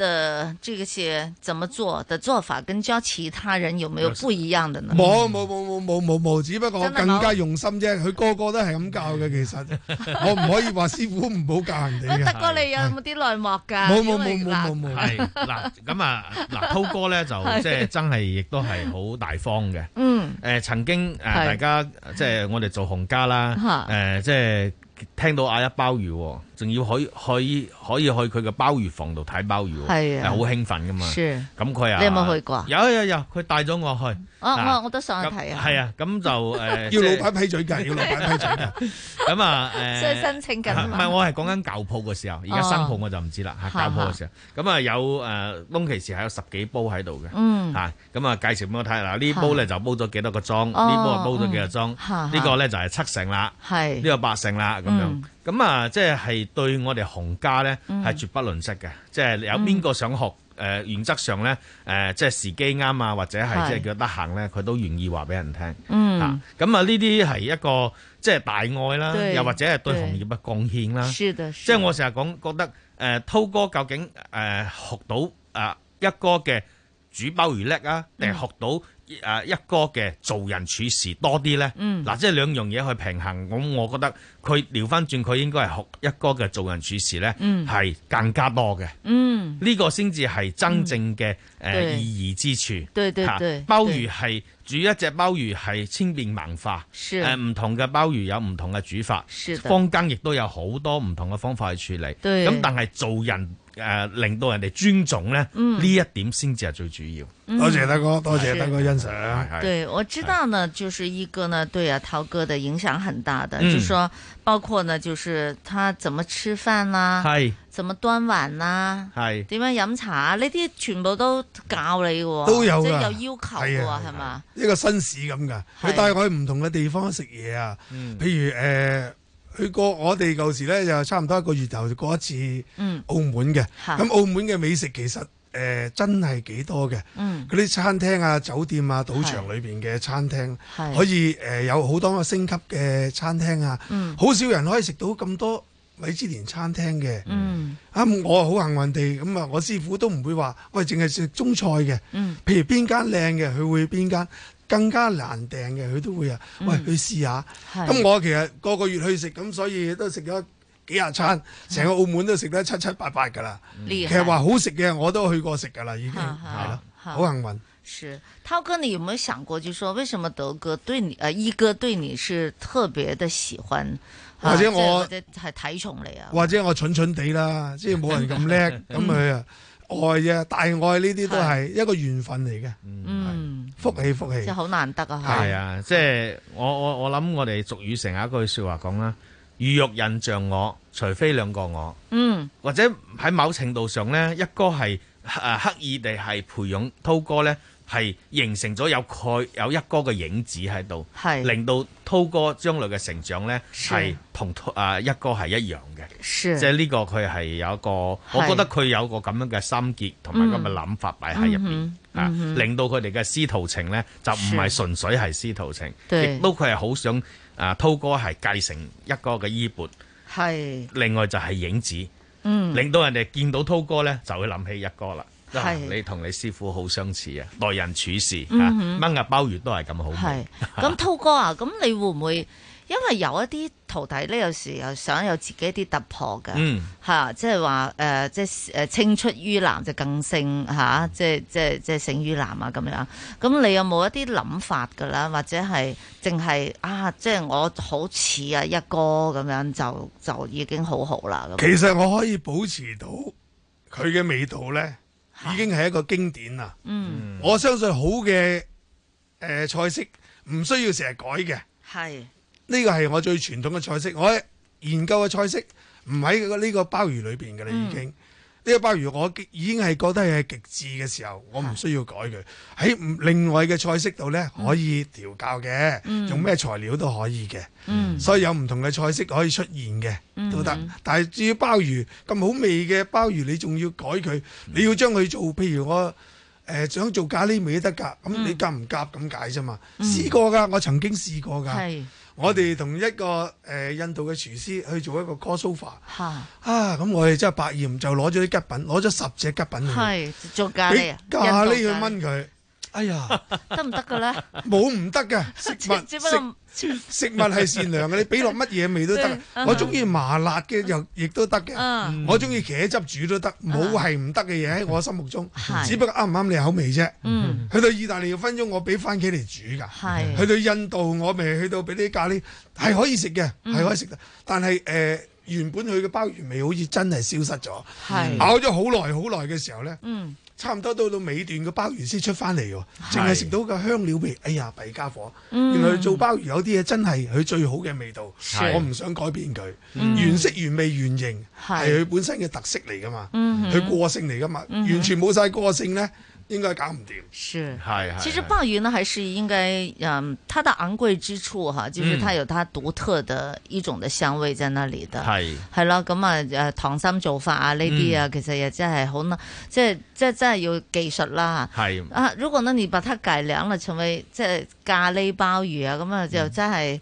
的這個些怎麼做的做法，跟教其他人有沒有不一樣的呢？冇冇冇冇冇冇冇，只不過我更加用心啫。佢個，個個都係咁教嘅，其實我唔可以話師傅唔好教人哋嘅。德哥，你有冇啲內幕噶？冇冇冇冇冇冇，係嗱咁啊嗱，滔哥咧就即係真係亦都係好大方嘅。 *laughs* 嗯。誒、呃，曾經誒，呃、的大家即係我哋做行家啦。誒，即係、呃、聽到阿一鮑魚。仲要去去可以去佢嘅鮑魚房度睇鮑魚，係好興奮噶嘛？咁佢啊，你有冇去過？有有有，佢帶咗我去。哦，我都想睇啊。係啊，咁就誒，要老闆批准計，要老闆批准啊。咁啊，所以申請緊。唔係，我係講緊舊鋪嘅時候，而家新鋪我就唔知啦。吓，舊鋪嘅時候，咁啊有誒，當其時係有十幾煲喺度嘅。咁啊介紹俾我睇。嗱，呢煲咧就煲咗幾多個鐘，呢煲啊煲咗幾多鐘，呢個咧就係七成啦，呢個八成啦，咁樣。咁啊、嗯嗯，即係對我哋行家咧係絕不吝惜嘅，即係有邊個想學誒、嗯呃、原則上咧、呃、即係時機啱啊，或者係即係叫得閒咧，佢是都願意話俾人聽、嗯、啊。咁啊，呢啲係一個即係大愛啦，對又或者係對行業嘅貢獻啦。是的是，即係我成日講，覺得誒，滔、呃、哥究竟誒、呃、學到啊、呃、一哥嘅煮鮑魚叻啊，定係學到、嗯？誒、啊、一哥嘅做人處事多啲咧，嗱、嗯啊、即係兩樣嘢去平衡，咁、嗯、我覺得佢調翻轉佢應該係學一哥嘅做人處事咧，係、嗯、更加多嘅，呢、嗯、個先至係真正嘅誒意義之處。對對對，啊、鮑魚係。煮一隻鮑魚係千變萬化，誒唔的、呃、同嘅鮑魚有唔同嘅煮法，坊間亦都有好多唔同嘅方法去處理。咁對但係做人誒、呃、令到人哋尊重咧，呢、嗯、一點先至係最主要。嗯、多謝德哥，的多謝德哥欣賞。對，我知道呢，就是一哥呢對、啊、滔哥呢對阿滔哥嘅影響很大的，的就是、說包括呢，就是他怎麼吃飯啦。嗯什麼端飯啦？係點樣飲茶啊？呢啲全部都教你嘅，即係有要求嘅，係嘛？一個紳士咁噶，佢帶我去唔同嘅地方食嘢啊。譬如誒，去過我哋舊時咧，就差唔多一個月頭過一次，澳門嘅，咁澳門嘅美食其實誒真係幾多嘅。嗰啲餐廳啊、酒店啊、賭場裏邊嘅餐廳，可以誒有好多個星級嘅餐廳啊。好少人可以食到咁多。米芝蓮餐廳嘅，嗯、啊，我好幸運地，咁啊，我師傅都唔會話，喂，淨係食中菜嘅，嗯、譬如邊間靚嘅，佢會邊間更加難訂嘅，佢都會啊，喂，去試下。咁、嗯啊、我其實個個月去食，咁所以都食咗幾廿餐，成是個澳門都食得七七八八㗎啦。嗯、其實話好食嘅我都去過食㗎啦，已經係咯，好幸運。嗯是滔哥，你有冇有想過，就說為什麼德哥對你，誒、啊、一哥對你是特別的喜歡？啊、或者我係睇重你呀，或者我蠢蠢地啦，即係冇人咁叻，咁佢、 *laughs* 就是、啊愛啫，大愛呢啲都係一個緣分嚟嘅。嗯，福氣福氣、啊，就好難得啊，係啊，即係我我我諗我哋俗語成日一句話說話講啦，如若像我，除非兩個我，嗯，或者喺某程度上咧，一哥係誒、呃、刻意地係培養滔哥咧。係形成咗有佢有一哥嘅影子喺度，是令到滔哥將來嘅成長呢係同啊一哥係一樣嘅。是即係呢個佢係有一個，是我覺得佢有個咁樣嘅心結同埋咁嘅諗法擺喺入邊啊，令到佢哋嘅師徒情呢就唔係純粹係師徒情，亦是都佢係好想啊滔哥係繼承一哥嘅衣鉢。係是另外就係影子，嗯，令到人哋見到滔哥呢就會諗起一哥啦。係、啊、你同你師傅好相似啊！待人處事，掹牙包月都係咁好。係咁，滔哥啊，咁你會唔會因為有一啲徒弟咧，有時又想有自己一啲突破嘅吓，即係話誒，即係誒，青、即係呃即係、出於藍就更勝吓，即係即係即係勝於藍啊咁、即係即係即係啊、樣。咁你有冇一啲諗法噶啦？或者係淨係啊，即、就、係、是、我好似啊一哥咁樣，就就已經很好好啦咁。其實我可以保持到佢嘅味道咧。已經係一個經典啦。嗯、我相信好嘅誒菜式唔需要成日改嘅。係，呢個係我最傳統嘅菜式。我研究嘅菜式唔喺呢個鮑魚裏邊㗎啦，已經、嗯。呢啲鮑魚我已已經係覺得係極致嘅時候，我唔需要改佢。喺另外嘅菜式度呢，可以調教嘅，嗯、用咩材料都可以嘅，嗯、所以有唔同嘅菜式可以出現嘅、嗯、都得。但係，至於鮑魚咁好味嘅鮑魚，鮑魚你仲要改佢？你要將佢做，譬如我誒想做咖喱味都得噶，咁你夾唔夾咁解啫嘛？試、嗯、過噶，我曾經試過噶。我哋同一個誒印度嘅廚師去做一個哥蘇伐，啊咁我哋真係百厭就攞咗啲吉品，攞咗十隻吉品去，做咖喱，咖喱去炆佢。哎呀，得唔得噶咧？冇唔得嘅食物，只不過食食物係善良嘅。你俾落乜嘢味都得，我中意麻辣嘅又亦都得嘅。我中意茄汁煮都得，冇係唔得嘅嘢喺我心目中。只不過啱唔啱你口味啫。去到意大利嘅分鐘，我俾番茄嚟煮噶。去到印度，我未去到俾啲咖喱，係可以食嘅，係可以食嘅。但係誒，原本佢嘅鮑魚味好似真係消失咗。係，咬咗好耐好耐嘅時候咧。差唔多到到尾段個鮑魚先出翻嚟喎，淨係食到個香料味。哎呀，弊家伙！嗯、原來做鮑魚有啲嘢真係佢最好嘅味道，是我唔想改變佢，嗯、原色原味原形係佢本身嘅特色嚟㗎嘛，佢、嗯、哼個性嚟㗎嘛，嗯、哼完全冇晒個性呢。應該搞唔掂，是係其實鮑魚呢，還是應該，嗯，它的昂貴之處哈、啊，就是它有它獨特的一種的香味在那裏的係係啦，咁、嗯、啊，誒，溏心做法啊，呢啲啊，其實又真係好難，即係即係真係要技術啦。係、嗯、啊，如果呢，你把它改良啦，成為即係咖喱鮑魚啊，咁啊，就真係。嗯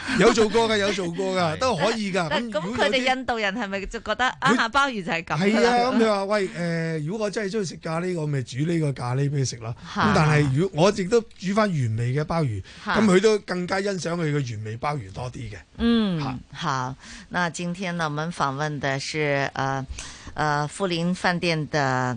*laughs* 有做過噶，有做過噶，都可以噶。咁佢哋印度人係咪就覺得他啊，鮑魚就係咁？係啊，咁佢話：喂，誒、呃，如果我真係中意食咖喱，我咪煮呢個咖喱俾佢食咯。咁 *laughs* 但係如果我亦都煮翻原味嘅鮑魚，咁佢 *laughs* 都更加欣賞佢嘅原味鮑魚多啲嘅。 *laughs* 嗯，好。那今天呢，我們訪問的是，呃，呃，富林飯店的。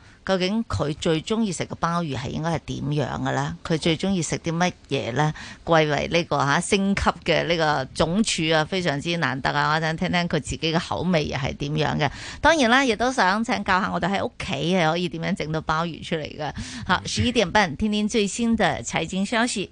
究竟佢最中意食嘅鮑魚係應該係點樣嘅咧？佢最中意食啲乜嘢咧？貴為呢、這個吓啊、星級嘅呢個總廚啊，非常之難得啊！我想聽聽佢自己嘅口味又係點樣嘅。當然啦，亦都想請教下我哋喺屋企係可以點樣整到鮑魚出嚟嘅。好，十一點半，聽聽最新嘅財經消息。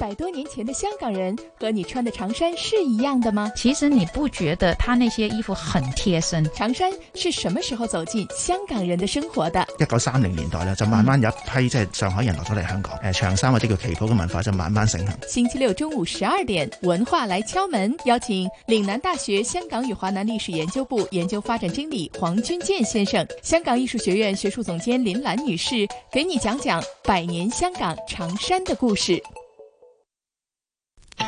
百多年前的香港人和你穿的長衫是一樣的嗎？其實你不覺得他那些衣服很貼身？長衫是什麼時候走進香港人的生活的？一九三零年代呢，就慢慢有一批即係上海人落咗嚟香港，誒、嗯呃，長衫或者叫旗袍嘅文化就慢慢盛行。星期六中午十二點，文化來敲門，邀請嶺南大學香港與華南歷史研究部研究發展經理黃軍健先生，香港藝術學院學術總監林蘭女士，給你講講百年香港長衫的故事。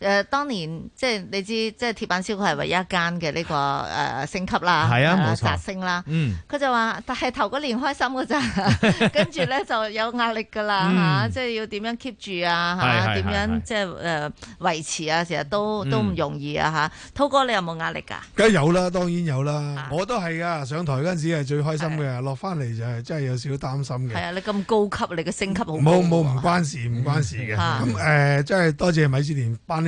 誒，當年即係你知，即係鐵板燒係唯一一間嘅呢個誒升級啦，係啊，冇錯，殺星啦。佢就話，但係頭嗰年開心噶咋，跟住咧就有壓力噶啦吓，即係要點樣 keep 住啊，吓，點樣即係誒維持啊，成日都都唔容易啊吓。濤哥，你有冇壓力噶？梗有啦，當然有啦，我都係噶，上台嗰陣時係最開心嘅，落翻嚟就係真係有少少擔心嘅。係啊，你咁高級，你嘅升級好。冇冇，唔關事，唔關事嘅。咁誒，即係多謝米芝蓮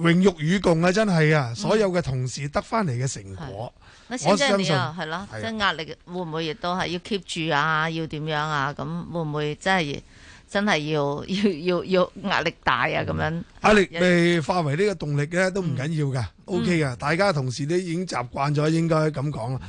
榮辱與共啊，真係啊！所有嘅同事得翻嚟嘅成果，你我相信係咯，即係壓力會唔會亦都係要 keep 住啊？要點樣啊？咁會唔會真係真係要要要要壓力大啊？咁樣壓力咪化為呢個動力咧，都唔緊要噶，OK 噶的。嗯、大家同事咧已經習慣咗，應該咁講啦。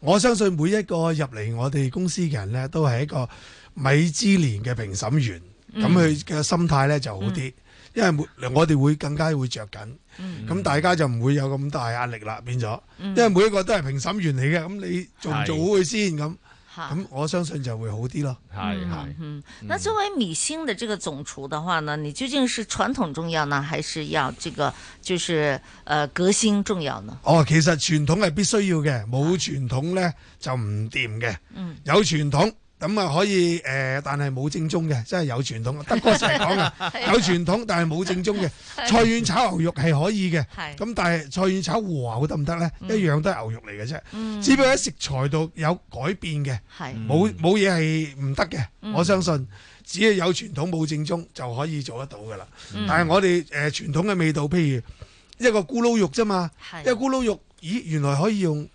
我相信每一個入嚟我哋公司嘅人咧，都係一個米芝蓮嘅評審員，咁佢嘅心態咧就好啲。嗯嗯因為我哋會更加會着緊，咁、嗯、大家就唔會有咁大壓力啦，變咗。嗯、因為每一個都係評審員嚟嘅，咁你做唔做好佢先咁，咁是我相信就會好啲咯。係係，是嗯。那作為明星的這個總廚的話呢，你究竟是傳統重要呢，還是要這個就是，呃，革新重要呢？哦，其實傳統係必須要嘅，冇傳統呢就唔掂嘅。嗯是，有傳統。咁啊、嗯、可以誒、呃，但係冇正宗嘅，真係有傳統。 *laughs* 德哥成日講啊，有傳統但係冇正宗嘅。菜遠炒牛肉係可以嘅，咁是但係菜遠炒和牛得唔得呢？嗯、一樣都係牛肉嚟嘅啫，嗯、只不過喺食材度有改變嘅，冇冇嘢係唔得嘅。嗯、我相信只要有傳統冇正宗就可以做得到噶啦。嗯、但係我哋誒、呃、傳統嘅味道，譬如一個咕嚕肉啫嘛，是一個咕嚕肉，咦，原來可以用，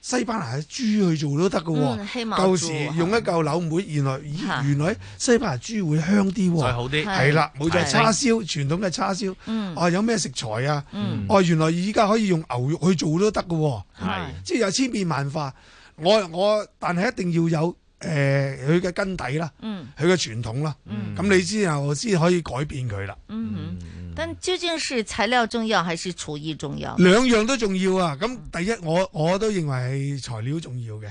西班牙豬去做都得㗎喎，到時用一嚿柳梅，原來咦，原來西班牙豬會香啲喎，再好啲，係啦，冇錯，叉燒傳統嘅叉燒，哦，有咩食材啊？哦，原來而家可以用牛肉去做都得㗎喎，即係有千變萬化。我我但係一定要有誒佢嘅根底啦，佢嘅傳統啦，咁你之後先可以改變佢啦。但究竟是材料重要還是廚藝重要？兩樣都重要啊！咁第一，我我都認為係材料重要嘅。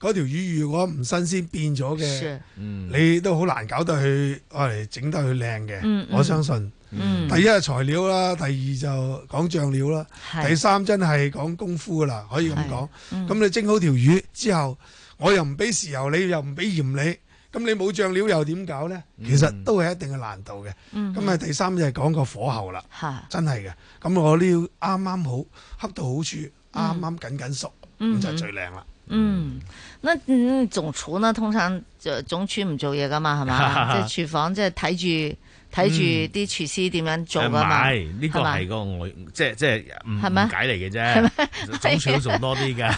嗰條魚如果唔新鮮變咗嘅，是你都好難搞得去，我嚟整得去靚嘅。嗯嗯我相信，嗯、第一係材料啦，第二就講醬料啦，是第三真係講功夫啦，可以咁講。咁、嗯、你蒸好條魚之後，我又唔俾豉油，你又唔俾鹽，你。咁你冇醬料又點搞咧？其實都係一定嘅難度嘅。咁啊、嗯，第三就係講個火候啦，啊、真係嘅。咁我呢要啱啱好恰到好處，啱啱緊緊熟，咁、嗯、就係最靚啦。嗯，那嗯，總廚呢通常就總廚唔做嘢噶嘛，係嘛？即係廚房即係睇住。就是睇住啲廚師點樣做，噶呢個係個外即係即唔係解嚟嘅啫。總廚做多啲㗎！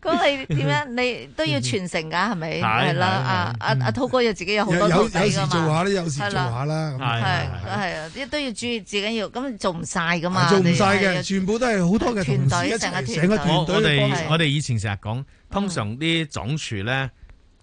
咁你點樣？你都要傳承㗎，係咪？係啦，啊啊滔哥又自己有好多徒弟有時時做下，呢有時做下啦。係係啊！都要注意，自己要咁做唔晒㗎嘛？做唔晒嘅，全部都係好多嘅團隊，成個團隊。我哋我哋以前成日講，通常啲總廚咧。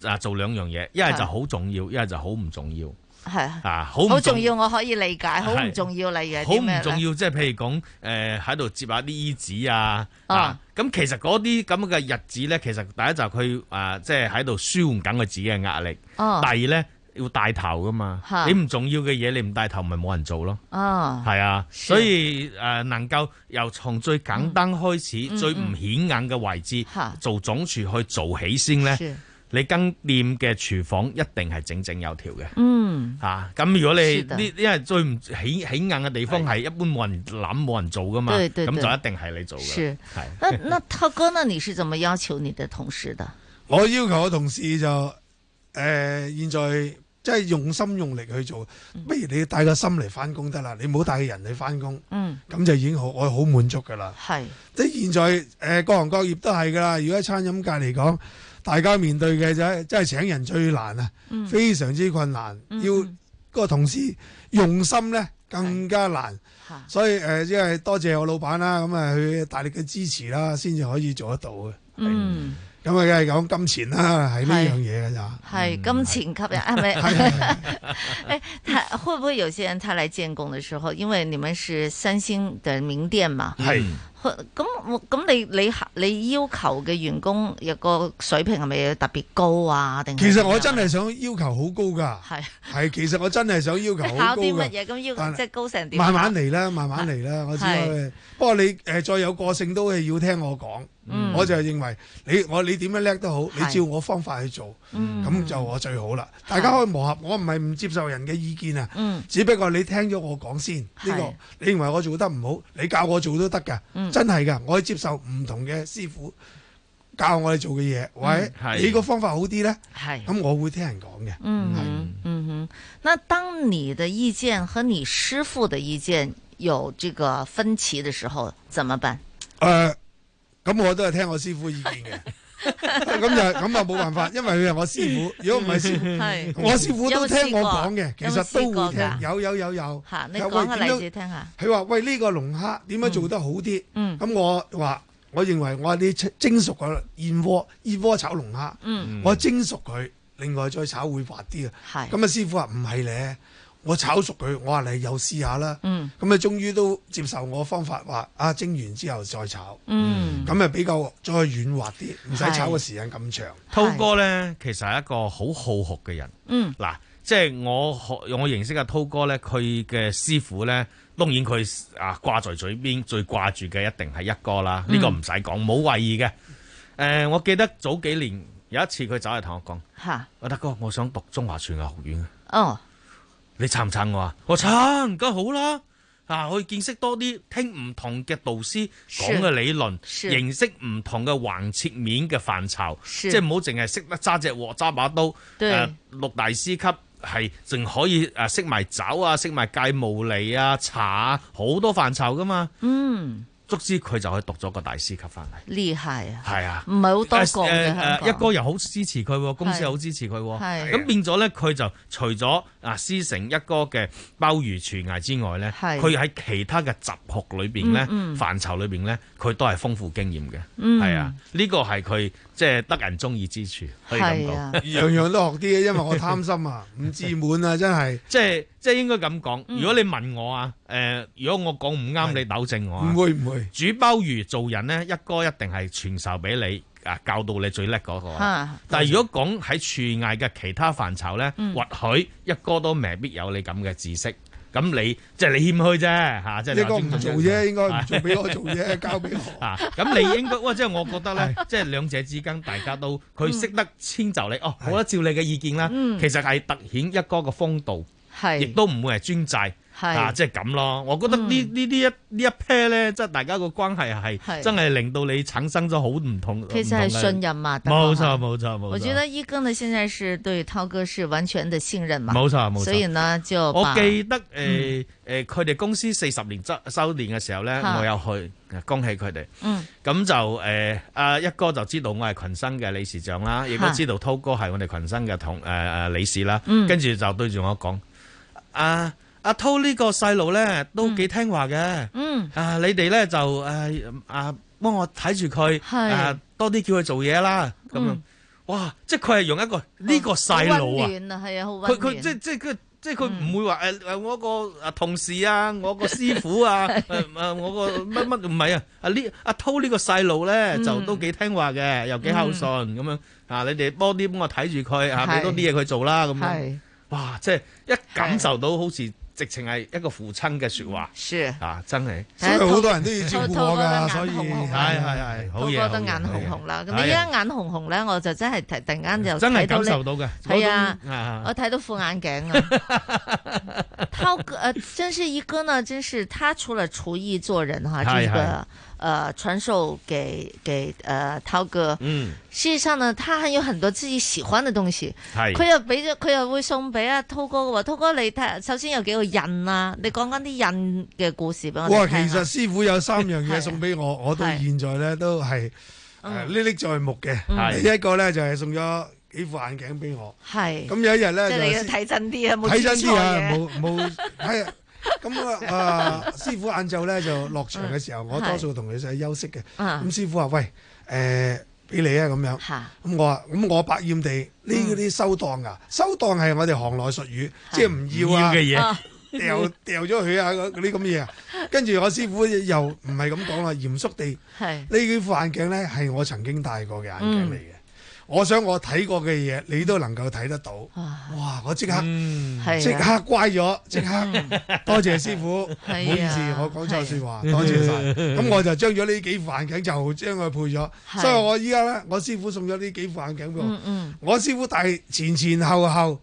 啊！做兩樣嘢，一係就好重要，一係就好唔重要。係啊，啊好唔重要，我可以理解。好唔重要，例如好唔重要，即係譬如講誒，喺度接下啲紙啊。啊，咁其實嗰啲咁嘅日子咧，其實第一就佢啊，即係喺度舒緩緊佢自己嘅壓力。第二咧要帶頭噶嘛，你唔重要嘅嘢，你唔帶頭咪冇人做咯。哦，係啊，所以誒能夠由從最簡單開始，最唔顯眼嘅位置做總廚去做起先咧。你間店嘅廚房一定係整整有條嘅，嗯嚇。咁、啊、如果你呢，的因為最唔起起硬嘅地方係一般冇人諗，冇的人做噶嘛，咁就一定係你做嘅。是係。那的那滔 *laughs* 哥，那你是怎麼要求你的同事的？我要求我同事就誒、呃，現在即係用心用力去做。不如你帶個心嚟翻工得啦，你唔好帶人嚟翻工。嗯，咁就已經好，我好滿足㗎啦。係的。即係現在誒、呃，各行各業都係㗎啦。如果喺餐飲界嚟講。大家面對嘅就係，真係請人最難啊，非常之困難。嗯、要個同事用心咧，更加難。嗯嗯、所以誒，因、呃、為多謝我老闆啦，咁啊去大力嘅支持啦，先至可以做得到嘅。嗯，咁啊、嗯，梗係講金錢啦，係呢樣嘢㗎咋。係是、嗯、金錢吸引係咪？誒是，會唔會有些人他嚟見工嘅時候，因為你們是三星的名店嘛？係、嗯。嗯咁咁你你你要求嘅員工有個水平係咪特別高啊？定其實我真係想要求好高㗎。係係，其實我真係想要求考啲乜嘢？咁要求即係高成點？慢慢嚟啦，慢慢嚟啦。我知道。不過你誒再有個性都係要聽我講。我就認為你我你點樣叻都好，你照我方法去做，咁就我最好啦。大家可以磨合。我唔係唔接受人嘅意見啊。嗯。只不過你聽咗我講先，呢個你認為我做得唔好，你教我做都得㗎。嗯。真係噶，我可以接受唔同嘅師傅教我哋做嘅嘢，嗯、喂，或者的你個方法好啲咧，咁的我會聽人講嘅、嗯的嗯。嗯嗯哼，那當你嘅意見和你師傅嘅意見有這個分歧嘅時候，怎麼辦？誒、呃，咁我都係聽我師傅意見嘅。 *laughs* 咁 *laughs* 就咁啊，冇辦法，因為佢係我師傅。如果唔係師傅， *laughs* 是我師傅都聽我講嘅，其實都會聽。有有有有，有冇啲例子聽下？佢話喂呢、這個龍蝦點樣做得好啲？咁、嗯嗯、我話我認為我話你蒸熟個燕窩，燕窩炒龍蝦，嗯、我蒸熟佢，另外再炒會滑啲啊。咁啊是，師傅話唔係咧。我炒熟佢，我話你又試下啦。咁你終於都接受我方法，話啊，蒸完之後再炒。咁啊、嗯，比較再軟滑啲，唔使炒嘅時間咁長。滔是哥呢，其實係一個好好學嘅人。嗱、嗯，即係我學用我認識嘅滔哥呢，佢嘅師傅呢，當然佢啊掛在嘴邊最掛住嘅一定係一哥啦。呢、嗯、個唔使講，冇謂意嘅。誒、呃，我記得早幾年有一次佢走嚟同我講，喂哈，德哥，我想讀中華傳藝學院。哦。你撐唔撐我啊？我撐，梗好啦，啊，可以見識多啲，聽唔同嘅導師講嘅理論，認識唔同嘅橫切面嘅範疇，是即係唔好淨係識得揸隻鑊揸把刀，誒六對、呃、大師級係淨可以誒識埋酒啊，識埋芥末啊，茶好多範疇㗎嘛。嗯。足之佢就可以讀咗個大師級翻嚟，厲害啊！係啊，唔係好多個嘅，啊啊、一哥又好支持佢，公司又好支持佢，咁是變咗咧，佢就除咗啊師承一哥嘅鮑魚廚藝之外咧，佢喺是其他嘅集學裏邊咧，嗯嗯、範疇裏邊咧，佢都係豐富經驗嘅，係、嗯、啊，呢、這個係佢。即係得人中意之處，可以咁講，樣樣，啊、 *laughs* 都學啲，因為我貪心啊，唔自滿啊，真係，即係即係應該咁講。如果你問我啊，誒、嗯呃，如果我講唔啱，是你糾正我，唔會唔會煮鮑魚做人呢，一哥一定係傳授俾你啊，教到你最叻嗰嗰個。哈但係如果講喺廚藝嘅其他範疇呢，或許，嗯、一哥都未必有你咁嘅知識。咁你即係你謙虛啫嚇，即係你應該唔做嘢，應該唔做俾我做嘢，交俾我。啊，咁你應該哇，即係我覺得咧，即係兩者之間，大家都佢識得遷就你哦。我覺得照你嘅意見啦，其實係突顯一哥嘅風度，係亦都唔會係專制。係，即係咁咯。我覺得呢呢啲一呢一 pair 咧，即係大家個關係係真係令到你產生咗好唔同。其實係信任嘛，冇錯冇錯冇錯。我覺得一哥呢，現在是對滔哥是完全的信任嘛。冇錯冇錯。所以呢就我記得誒誒，佢哋公司四十年執周年嘅時候咧，我有去恭喜佢哋。嗯，咁就誒阿一哥就知道我係群生嘅理事長啦，亦都知道滔哥係我哋群生嘅同誒誒理事啦。跟住就對住我講啊。阿滔呢個細路咧都幾聽話嘅，啊你哋咧就誒啊幫我睇住佢，多啲叫佢做嘢啦咁樣，哇！即係佢係用一個呢個細路啊，佢佢即係即係佢即係佢唔會話誒我個同事啊，我個師傅啊，我個乜乜唔係啊，阿呢阿滔呢個細路咧就都幾聽話嘅，又幾孝順咁樣，啊你哋幫啲幫我睇住佢，俾多啲嘢佢做啦咁樣，哇！即係一感受到好似，直情係一個父親嘅説話，啊，真係，好多人都要照顧我㗎，所以係係係，好嘢。覺得眼紅紅啦，咁你一眼紅紅咧，我就真係突突然間就真係感受到嘅，係啊，我睇到副眼鏡啊，滔哥誒，真係一哥呢，真係他除咗廚藝做人哈，這個。誒，傳授給給誒滔哥。嗯，事實上呢，他還有很多自己喜歡的東西。係，佢又俾，佢又會送俾阿滔哥嘅。滔哥，你睇，首先有幾個印啊？你講緊啲印嘅故事俾我。哇，其實師傅有三樣嘢送俾我，我到現在咧都係歷歷在目嘅。一個咧就係送咗幾副眼鏡俾我。係。咁有一日咧，即係你要睇真啲啊！冇睇真啲啊！冇冇係。咁啊！師傅晏晝咧就落場嘅時候，我多數同佢就休息嘅。咁師傅話：喂，誒俾你啊！咁樣咁我話：咁我百厭地呢啲收檔啊，收檔係我哋行內術語，即係唔要啊嘅嘢，掉掉咗佢啊嗰啲咁嘢啊。跟住我師傅又唔係咁講啦，嚴肅地，呢啲副眼鏡咧係我曾經戴過嘅眼鏡嚟嘅。我想我睇過嘅嘢，你都能夠睇得到。哇！我即刻、嗯、即刻乖咗，即的刻多謝師傅，唔好意思，我講錯説話，的多謝晒！咁 *laughs* 我就將咗呢幾副眼鏡就將佢配咗，的所以我依家咧，我師傅送咗呢幾副眼鏡喎。的我師傅大前前後後，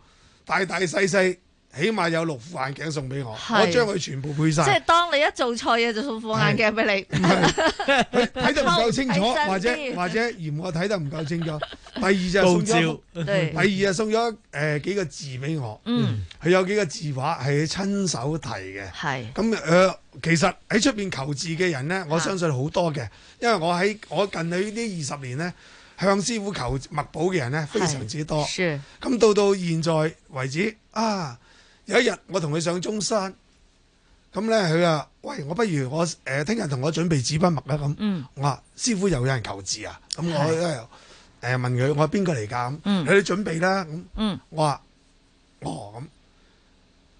大大細細。起碼有六副眼鏡送俾我，我將佢全部配晒。即係當你一做錯嘢，就送副眼鏡俾你，佢睇得唔夠清楚，或者或者嫌我睇得唔夠清楚。第二就送第二就送咗誒幾個字俾我。嗯，佢有幾個字畫係佢親手提嘅。係咁誒，其實喺出邊求字嘅人咧，我相信好多嘅，因為我喺我近嚟呢二十年咧，向師傅求墨寶嘅人咧非常之多。咁到到現在為止啊！有一日，我同佢上中山，咁咧佢啊，喂，我不如我誒，聽日同我準備紙筆墨啊咁。嗯、我話師傅又有人求字啊，咁我誒是、呃、問佢我係邊個嚟噶咁，你準備啦咁。我話哦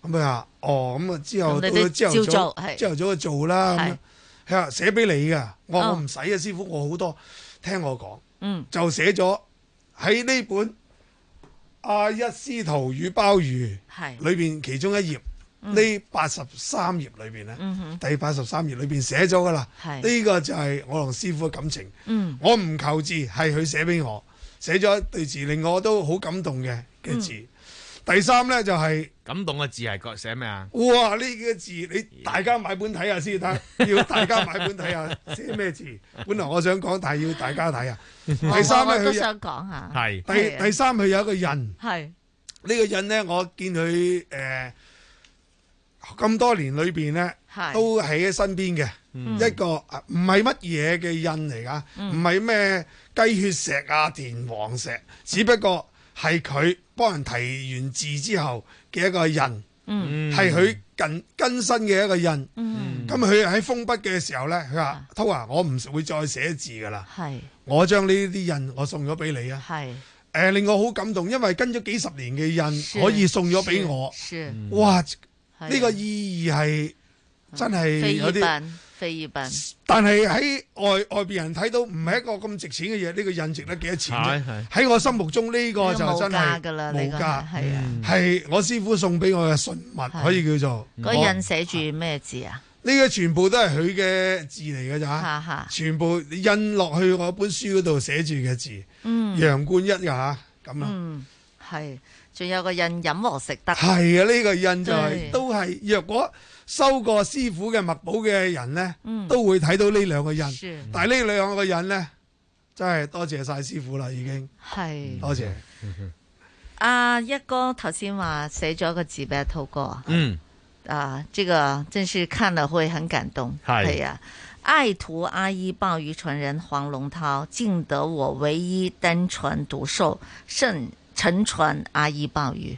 咁，咁佢話哦咁啊之後到，朝頭早，朝頭早去做啦。佢話寫俾你噶，我我唔使啊，師傅我好多聽我講，就寫咗喺呢本。阿一司徒與鮑魚，係裏邊其中一頁，呢八十三頁裏邊咧，嗯、哼第八十三頁裏邊寫咗噶啦，呢是個就係我同師傅嘅感情，嗯、我唔求字，係佢寫俾我，寫咗一對字，令我都好感動嘅嘅字。嗯第三咧就係感動嘅字係寫咩啊？哇！呢啲字你大家買本睇下先，睇下要大家買本睇下寫咩字。本來我想講，但係要大家睇下。第三咧佢，我都想講下。係。第第三佢有一個印。係。呢個印咧，我見佢誒咁多年裏邊咧，都喺身邊嘅一個啊，唔係乜嘢嘅印嚟噶，唔係咩雞血石啊、田黃石，只不過。係佢幫人提完字之後嘅一個印，係佢，嗯，近更新嘅一個印。咁佢喺封筆嘅時候咧，佢話：滔啊，oh、a, 我唔會再寫字噶啦。是我將呢啲印，我送咗俾你啊。誒，是、呃，令我好感動，因為跟咗幾十年嘅印，可以送咗俾我。哇！呢、啊，個意義係真係有啲。飛業品，但係喺外外邊人睇到唔係一個咁值錢嘅嘢，呢個印值得幾多錢咧？喺我心目中呢個就真係冇價噶啦，冇價係啊，係我師傅送俾我嘅信物，可以叫做個印寫住咩字啊？呢個全部都係佢嘅字嚟㗎咋，全部印落去我本書嗰度寫住嘅字，楊冠一噶吓咁咯，係仲有個印飲和食得，係啊呢個印就係都係若果。收過師傅嘅墨寶嘅人呢，嗯、都會睇到呢兩個人。是但係呢兩個人呢，真係多謝晒師傅啦，已經。係是，多謝。阿一哥頭先話寫咗個字畀滔哥。嗯。 *laughs* 啊，呢、這個真是看了會很感動。係是。啊，愛徒阿一鮑魚傳人黃隆滔，盡得我唯一單傳獨授，剩陳傳阿一鮑魚。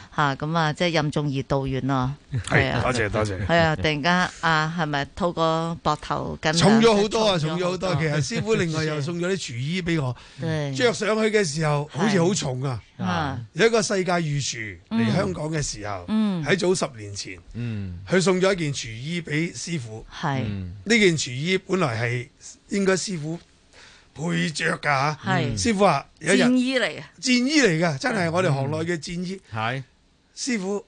啊，咁啊，即係任重而道遠咯。係啊，多謝多謝。係啊，突然間啊，係咪套個膊頭緊重咗好多啊？重咗好多其實，師傅另外又送咗啲廚衣俾我，着上去嘅時候好似好重啊。有一個世界御廚嚟香港嘅時候，喺早十年前，佢送咗一件廚衣俾師傅。係呢件廚衣本來係應該師傅配着噶吓。係師傅話，戰衣嚟噶，戰衣嚟噶，真係我哋行內嘅戰衣。係。師傅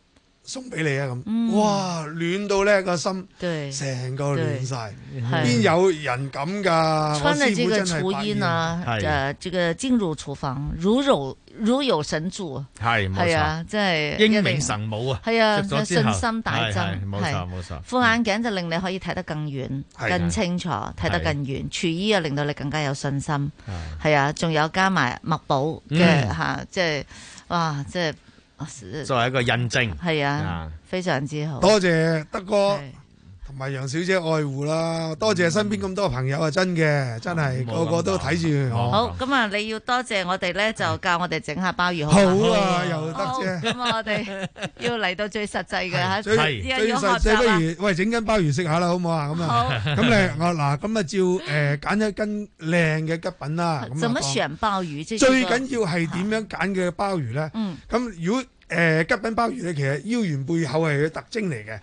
送俾你啊，咁，哇暖到咧個心，成個暖晒，邊有人咁噶？春呢？呢個廚衣啊，誒，呢個進入廚房，如有如有神助，係冇錯，即係英明神武啊！係啊，信心大增，冇錯冇錯。副眼鏡就令你可以睇得更遠、更清楚，睇得更遠。廚衣啊，令到你更加有信心，係啊，仲有加埋墨寶嘅吓，即係哇，即係。作為一個印證，係啊，非常之好。多謝德哥。唔係楊小姐愛護啦，多謝身邊咁多朋友啊！真嘅，真係個個都睇住。好咁啊，你要多謝我哋咧，就教我哋整下鮑魚好唔好？好啊，又得啫。咁啊，我哋要嚟到最實際嘅最實際嘅。不如喂，整緊鮑魚食下啦，好唔好啊？咁啊，咁你我嗱咁啊，照誒揀一斤靚嘅吉品啦。怎麼選鮑魚？最緊要係點樣揀嘅鮑魚咧？咁如果誒、呃、吉品鮑魚咧，其實腰圓背厚係佢特徵嚟嘅。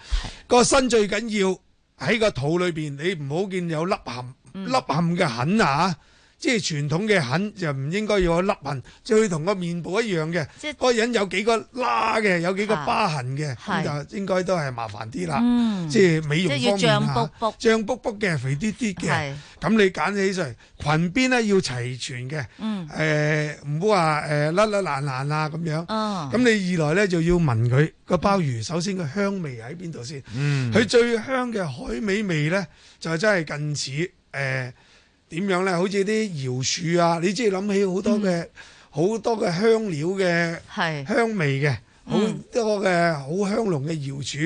個身最緊要喺個肚裏邊，你唔好見有凹陷、嗯、凹陷嘅痕啊！即係傳統嘅痕就唔應該要甩痕，即係同個面部一樣嘅，嗰個即人有幾個拉嘅，有幾個疤痕嘅、啊、就應該都係麻煩啲啦。嗯、即係美容方面脹啊，卜卜嘅肥啲啲嘅，咁是你揀起上嚟裙邊咧要齊全嘅，誒唔好話誒甩甩爛爛啊咁樣。咁、啊、你二來咧就要聞佢個鮑魚，首先個香味喺邊度先？佢、嗯、最香嘅海味味咧就真係近似誒。呃點樣咧？好似啲瑤柱啊，你即係諗起好多嘅好多嘅香料嘅香味嘅，好多嘅好香濃嘅瑤柱，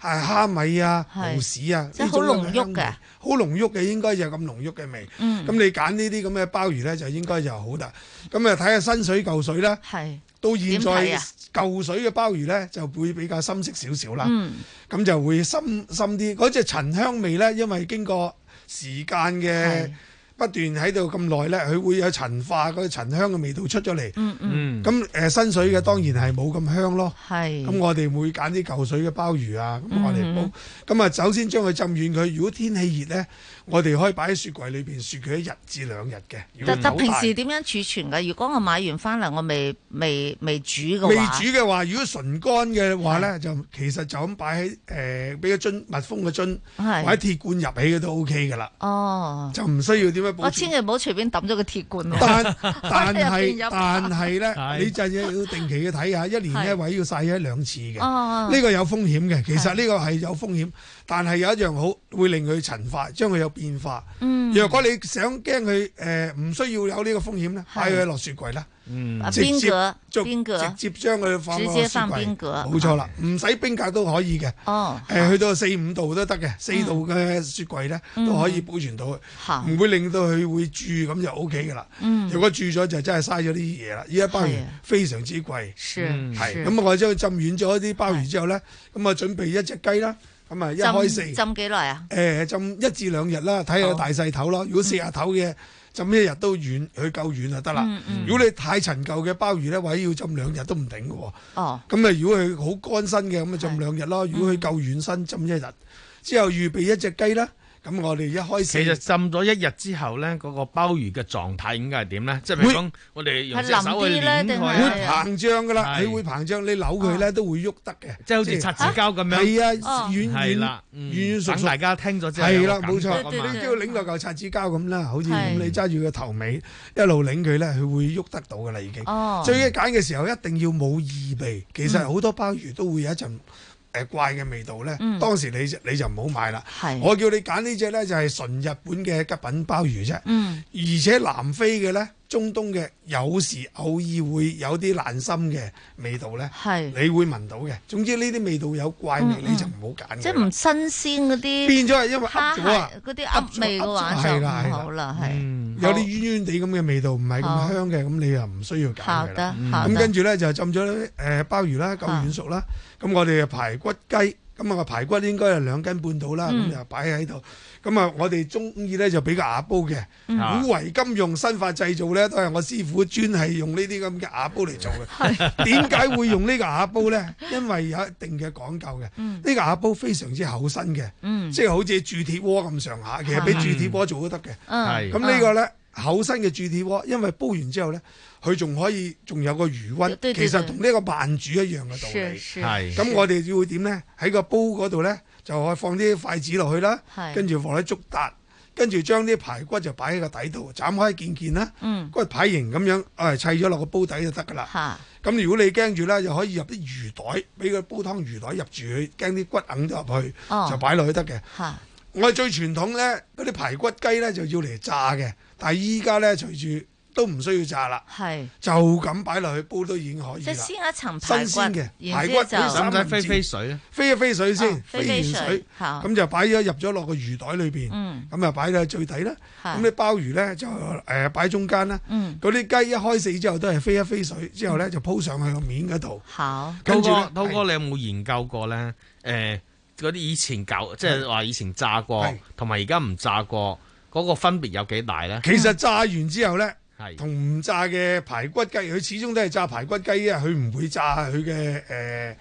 係蝦米啊、蠔豉啊，即係好濃郁嘅，好濃郁嘅應該就係咁濃郁嘅味。咁你揀呢啲咁嘅鮑魚咧，就應該就好㗎。咁啊，睇下新水舊水啦。到現在舊水嘅鮑魚咧，就會比較深色少少啦。咁就會深深啲。嗰隻陳香味咧，因為經過時間嘅。不斷喺度咁耐咧，佢會有陳化嗰啲陳香嘅味道出咗嚟、嗯。嗯嗯。咁誒、呃、新水嘅當然係冇咁香咯。係是。咁我哋會揀啲舊水嘅鮑魚啊，咁我哋冇。咁啊、嗯，就首先將佢浸軟佢。如果天氣熱咧，我哋可以擺喺雪櫃裏邊，雪佢一日至兩日嘅。就平時點樣儲存㗎？如果我買完翻嚟，我未未未煮嘅。未煮嘅話，如果純乾嘅話咧，就其實就咁擺喺誒，俾個樽密封嘅樽，或者鐵罐入起嘅都 OK 㗎啦。哦，就唔需要點樣保存。我千祈唔好隨便抌咗個鐵罐。但但係但係咧，你就係要定期去睇下，一年一位要曬一兩次嘅。呢個有風險嘅，其實呢個係有風險，但係有一樣好會令佢陳化，將佢有。變化，若果你想驚佢，誒，唔需要有呢個風險咧，擺佢落雪櫃啦，嗯，直接就直接將佢放落雪櫃，冇錯啦，唔使冰格都可以嘅，哦，誒，去到四五度都得嘅，四度嘅雪櫃咧都可以保存到，佢唔會令到佢會蛀咁就 O K 噶啦，嗯，如果蛀咗就真係嘥咗呢啲嘢啦，依一包鮑魚非常之貴，係，咁啊，我將佢浸軟咗啲鮑魚之後咧，咁啊，準備一隻雞啦。咁啊，浸一開四，浸幾耐啊？誒、呃、浸一至兩日啦，睇下大細頭咯。好如果四十頭嘅、嗯、浸一日都軟，佢夠軟就得啦。嗯嗯、如果你太陳舊嘅鮑魚咧，或者要浸兩日都唔定喎。哦，咁啊，如果佢好乾身嘅，咁啊浸兩日咯。嗯、如果佢夠軟身，浸一日之後預備一隻雞啦。咁我哋一開始，其實浸咗一日之後咧，嗰個鮑魚嘅狀態應該係點咧？即係譬如我哋用手去捏，會膨脹噶啦，你會膨脹，你扭佢咧都會喐得嘅，即係好似擦紙膠咁樣。係啊，軟軟，軟軟熟等大家聽咗之後，係啦，冇錯，你都要擰到嚿擦紙膠咁啦，好似你揸住個頭尾一路擰佢咧，佢會喐得到嘅啦已經。最一揀嘅時候一定要冇異味，其實好多鮑魚都會有一陣。誒怪嘅味道咧，嗯、當時你你就唔好買啦。的我叫你揀呢隻咧，就係、是、純日本嘅吉品鮑魚啫，嗯、而且南非嘅咧。中東嘅有時偶爾會有啲爛心嘅味道咧，係，你會聞到嘅。總之呢啲味道有怪味你就唔好揀。即係唔新鮮嗰啲變咗係因為嗰啲噏味嘅話，係啦，係好啦，係有啲冤冤地咁嘅味道，唔係咁香嘅，咁你又唔需要揀嘅啦。咁跟住咧就浸咗啲誒鮑魚啦、夠軟熟啦，咁我哋嘅排骨雞。咁啊個排骨應該係兩斤半到啦，咁、嗯、就擺喺度。咁啊，我哋中意咧就俾個瓦煲嘅。古為今用新法製造咧，都係我師傅專係用呢啲咁嘅瓦煲嚟做嘅。點解會用呢個瓦煲咧？因為有一定嘅講究嘅。呢、嗯、個瓦煲非常之厚身嘅，嗯、即係好似鑄鐵鍋咁上下，嘅，其實比鑄鐵鍋做都得嘅。咁呢個咧。嗯嗯嗯厚身嘅鑄鐵鍋，因為煲完之後咧，佢仲可以仲有個餘溫，對、對、對、對、對，其實同呢個慢煮一樣嘅道理。係咁，我哋要會點咧？喺個煲嗰度咧，就可以放啲筷子落去啦，跟住是放啲竹笪，跟住將啲排骨就擺喺個底度，斬開件件啦，嗯、骨牌形咁樣，誒、啊，砌咗落個煲底就得噶啦。咁、啊、如果你驚住咧，就可以入啲魚袋，俾個煲湯魚袋入住去，驚啲骨硬咗入去，就擺落去得嘅。啊啊、我哋最傳統咧，嗰啲排骨雞咧就要嚟炸嘅。但係依家咧，隨住都唔需要炸啦，就咁擺落去煲都已經可以啦。即係先一層排骨，新鮮嘅排骨，就使唔使飛飛水咧？飛一飛水先，飛完水，咁就擺咗入咗落個魚袋裏邊，咁就擺到最底啦。咁啲鮑魚咧就誒擺中間啦，嗰啲雞一開始之後都係飛一飛水，之後咧就鋪上去個面嗰度。好，跟住，濤哥，濤哥，你有冇研究過咧？誒，嗰啲以前搞，即係話以前炸過，同埋而家唔炸過。嗰個分別有幾大咧？其實炸完之後咧，係同唔炸嘅排骨雞，佢始終都係炸排骨雞啊！佢唔會炸佢嘅誒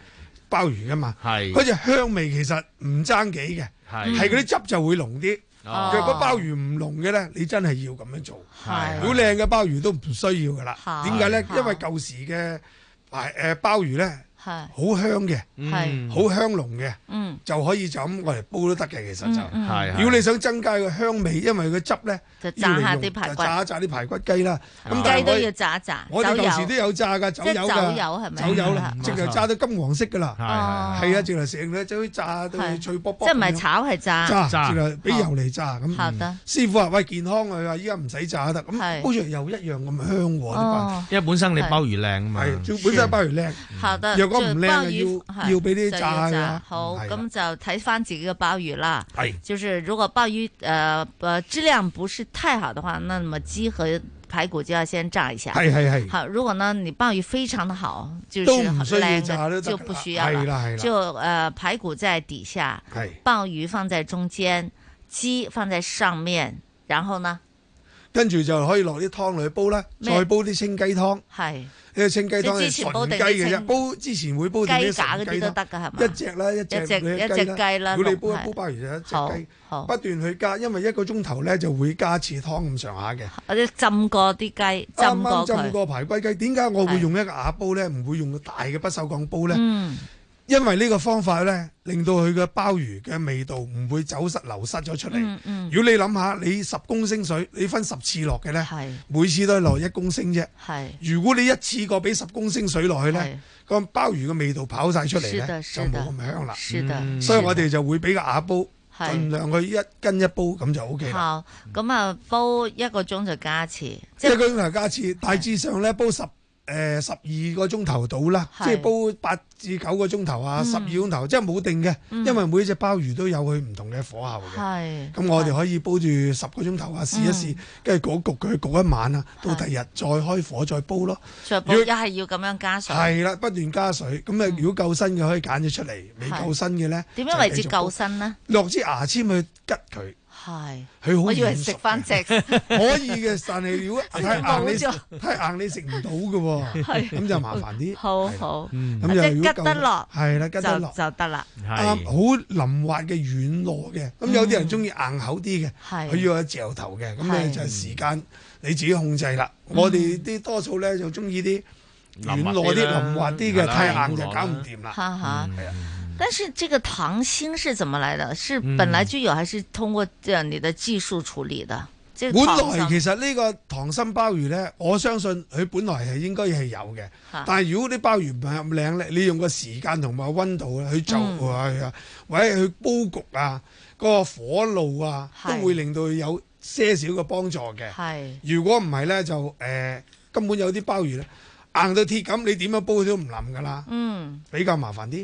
鮑魚㗎嘛。係是，好似香味其實唔爭幾嘅，係是，係嗰啲汁就會濃啲。若、啊、果鮑魚唔濃嘅咧，你真係要咁樣做，係好靚嘅鮑魚都唔需要㗎啦。點解咧？為呢啊、因為舊時嘅誒鮑魚咧。好香嘅，好香濃嘅，就可以就咁過嚟煲都得嘅。其實就，如果你想增加個香味，因為個汁咧就炸下啲排骨，炸一炸啲排骨雞啦。咁雞都要炸炸。我哋平時都有炸噶，走油噶。即係走油係咪？走油啦，直頭炸到金黃色噶啦。係係啊，直頭成個都炸到脆卜卜。即係唔係炒係炸？炸，直頭俾油嚟炸咁。好的。師傅話喂，健康啊，依家唔使炸得咁，煲出嚟又一樣咁香喎啲骨，因為本身你鮑魚靚啊嘛。係，最本身鮑魚靚。好的。若果就鮑魚要俾啲炸，炸好咁就睇翻自己嘅鮑魚啦。係，就是如果鮑魚誒誒質量不是太好的話，那麼雞和排骨就要先炸一下。係係係。好，如果呢你鮑魚非常的好，就都唔需要炸，就不需要啦。係啦係啦。就誒排骨在底下，係鮑魚放在中間，雞放在上面，然後呢？跟住就可以落啲湯去煲啦，再煲啲清雞湯。係。你之前煲定雞嘅啫，煲之前會煲啲雞架嗰啲都得噶，係嘛？一隻啦，一隻一隻雞啦。如果你煲煲鮑魚就一隻雞，不斷去加，因為一個鐘頭咧就會加次湯咁上下嘅。或者浸過啲雞，浸過浸過排骨雞，點解我會用一個瓦煲咧？唔會用大嘅不鏽鋼煲咧？嗯。因為呢個方法咧，令到佢嘅鮑魚嘅味道唔會走失、流失咗出嚟。嗯嗯，如果你諗下，你十公升水，你分十次落嘅咧，係每次都係落一公升啫。係，如果你一次過俾十公升水落去咧，個鮑魚嘅味道跑晒出嚟咧，就冇咁香啦。所以我哋就會俾個瓦煲，盡量去一斤一煲咁就 O K。好，咁啊，煲一個鐘就加一次，即係一個鐘頭加一次，大致上咧煲十。誒十二個鐘頭到啦，即係煲八至九個鐘頭啊，十二鐘頭，即係冇定嘅，因為每隻鮑魚都有佢唔同嘅火候嘅。咁我哋可以煲住十個鐘頭啊，試一試，跟住焗焗佢焗一晚啊，到第二日再開火再煲咯。再煲又係要咁樣加水。係啦，不斷加水。咁啊，如果夠新嘅可以揀咗出嚟，未夠新嘅咧點樣為之夠新咧？落支牙籤去吉佢。係，我要食翻隻，可以嘅，但係如果太硬，你太硬你食唔到嘅喎，咁就麻煩啲。好，好，咁就如果夠得落，係啦，夠得落就得啦。好淋滑嘅軟糯嘅，咁有啲人中意硬口啲嘅，佢要有嚼頭嘅，咁你就時間你自己控制啦。我哋啲多數咧就中意啲軟糯啲、淋滑啲嘅，太硬就搞唔掂啦。嚇嚇。但是這個溏心是怎麼來的？是本來就有，還是通過這樣你的技術處理的？本來其實呢個溏心鮑魚呢，我相信佢本來係應該係有嘅。啊、但係如果啲鮑魚唔係咁靚咧，你用個時間同埋溫度去做、嗯、啊，或者去煲焗啊，嗰個火爐啊，都會令到有些少嘅幫助嘅。是 如果唔係咧，就誒、呃、根本有啲鮑魚咧硬到鐵咁，你點樣煲都唔腍噶啦。嗯，比較麻煩啲。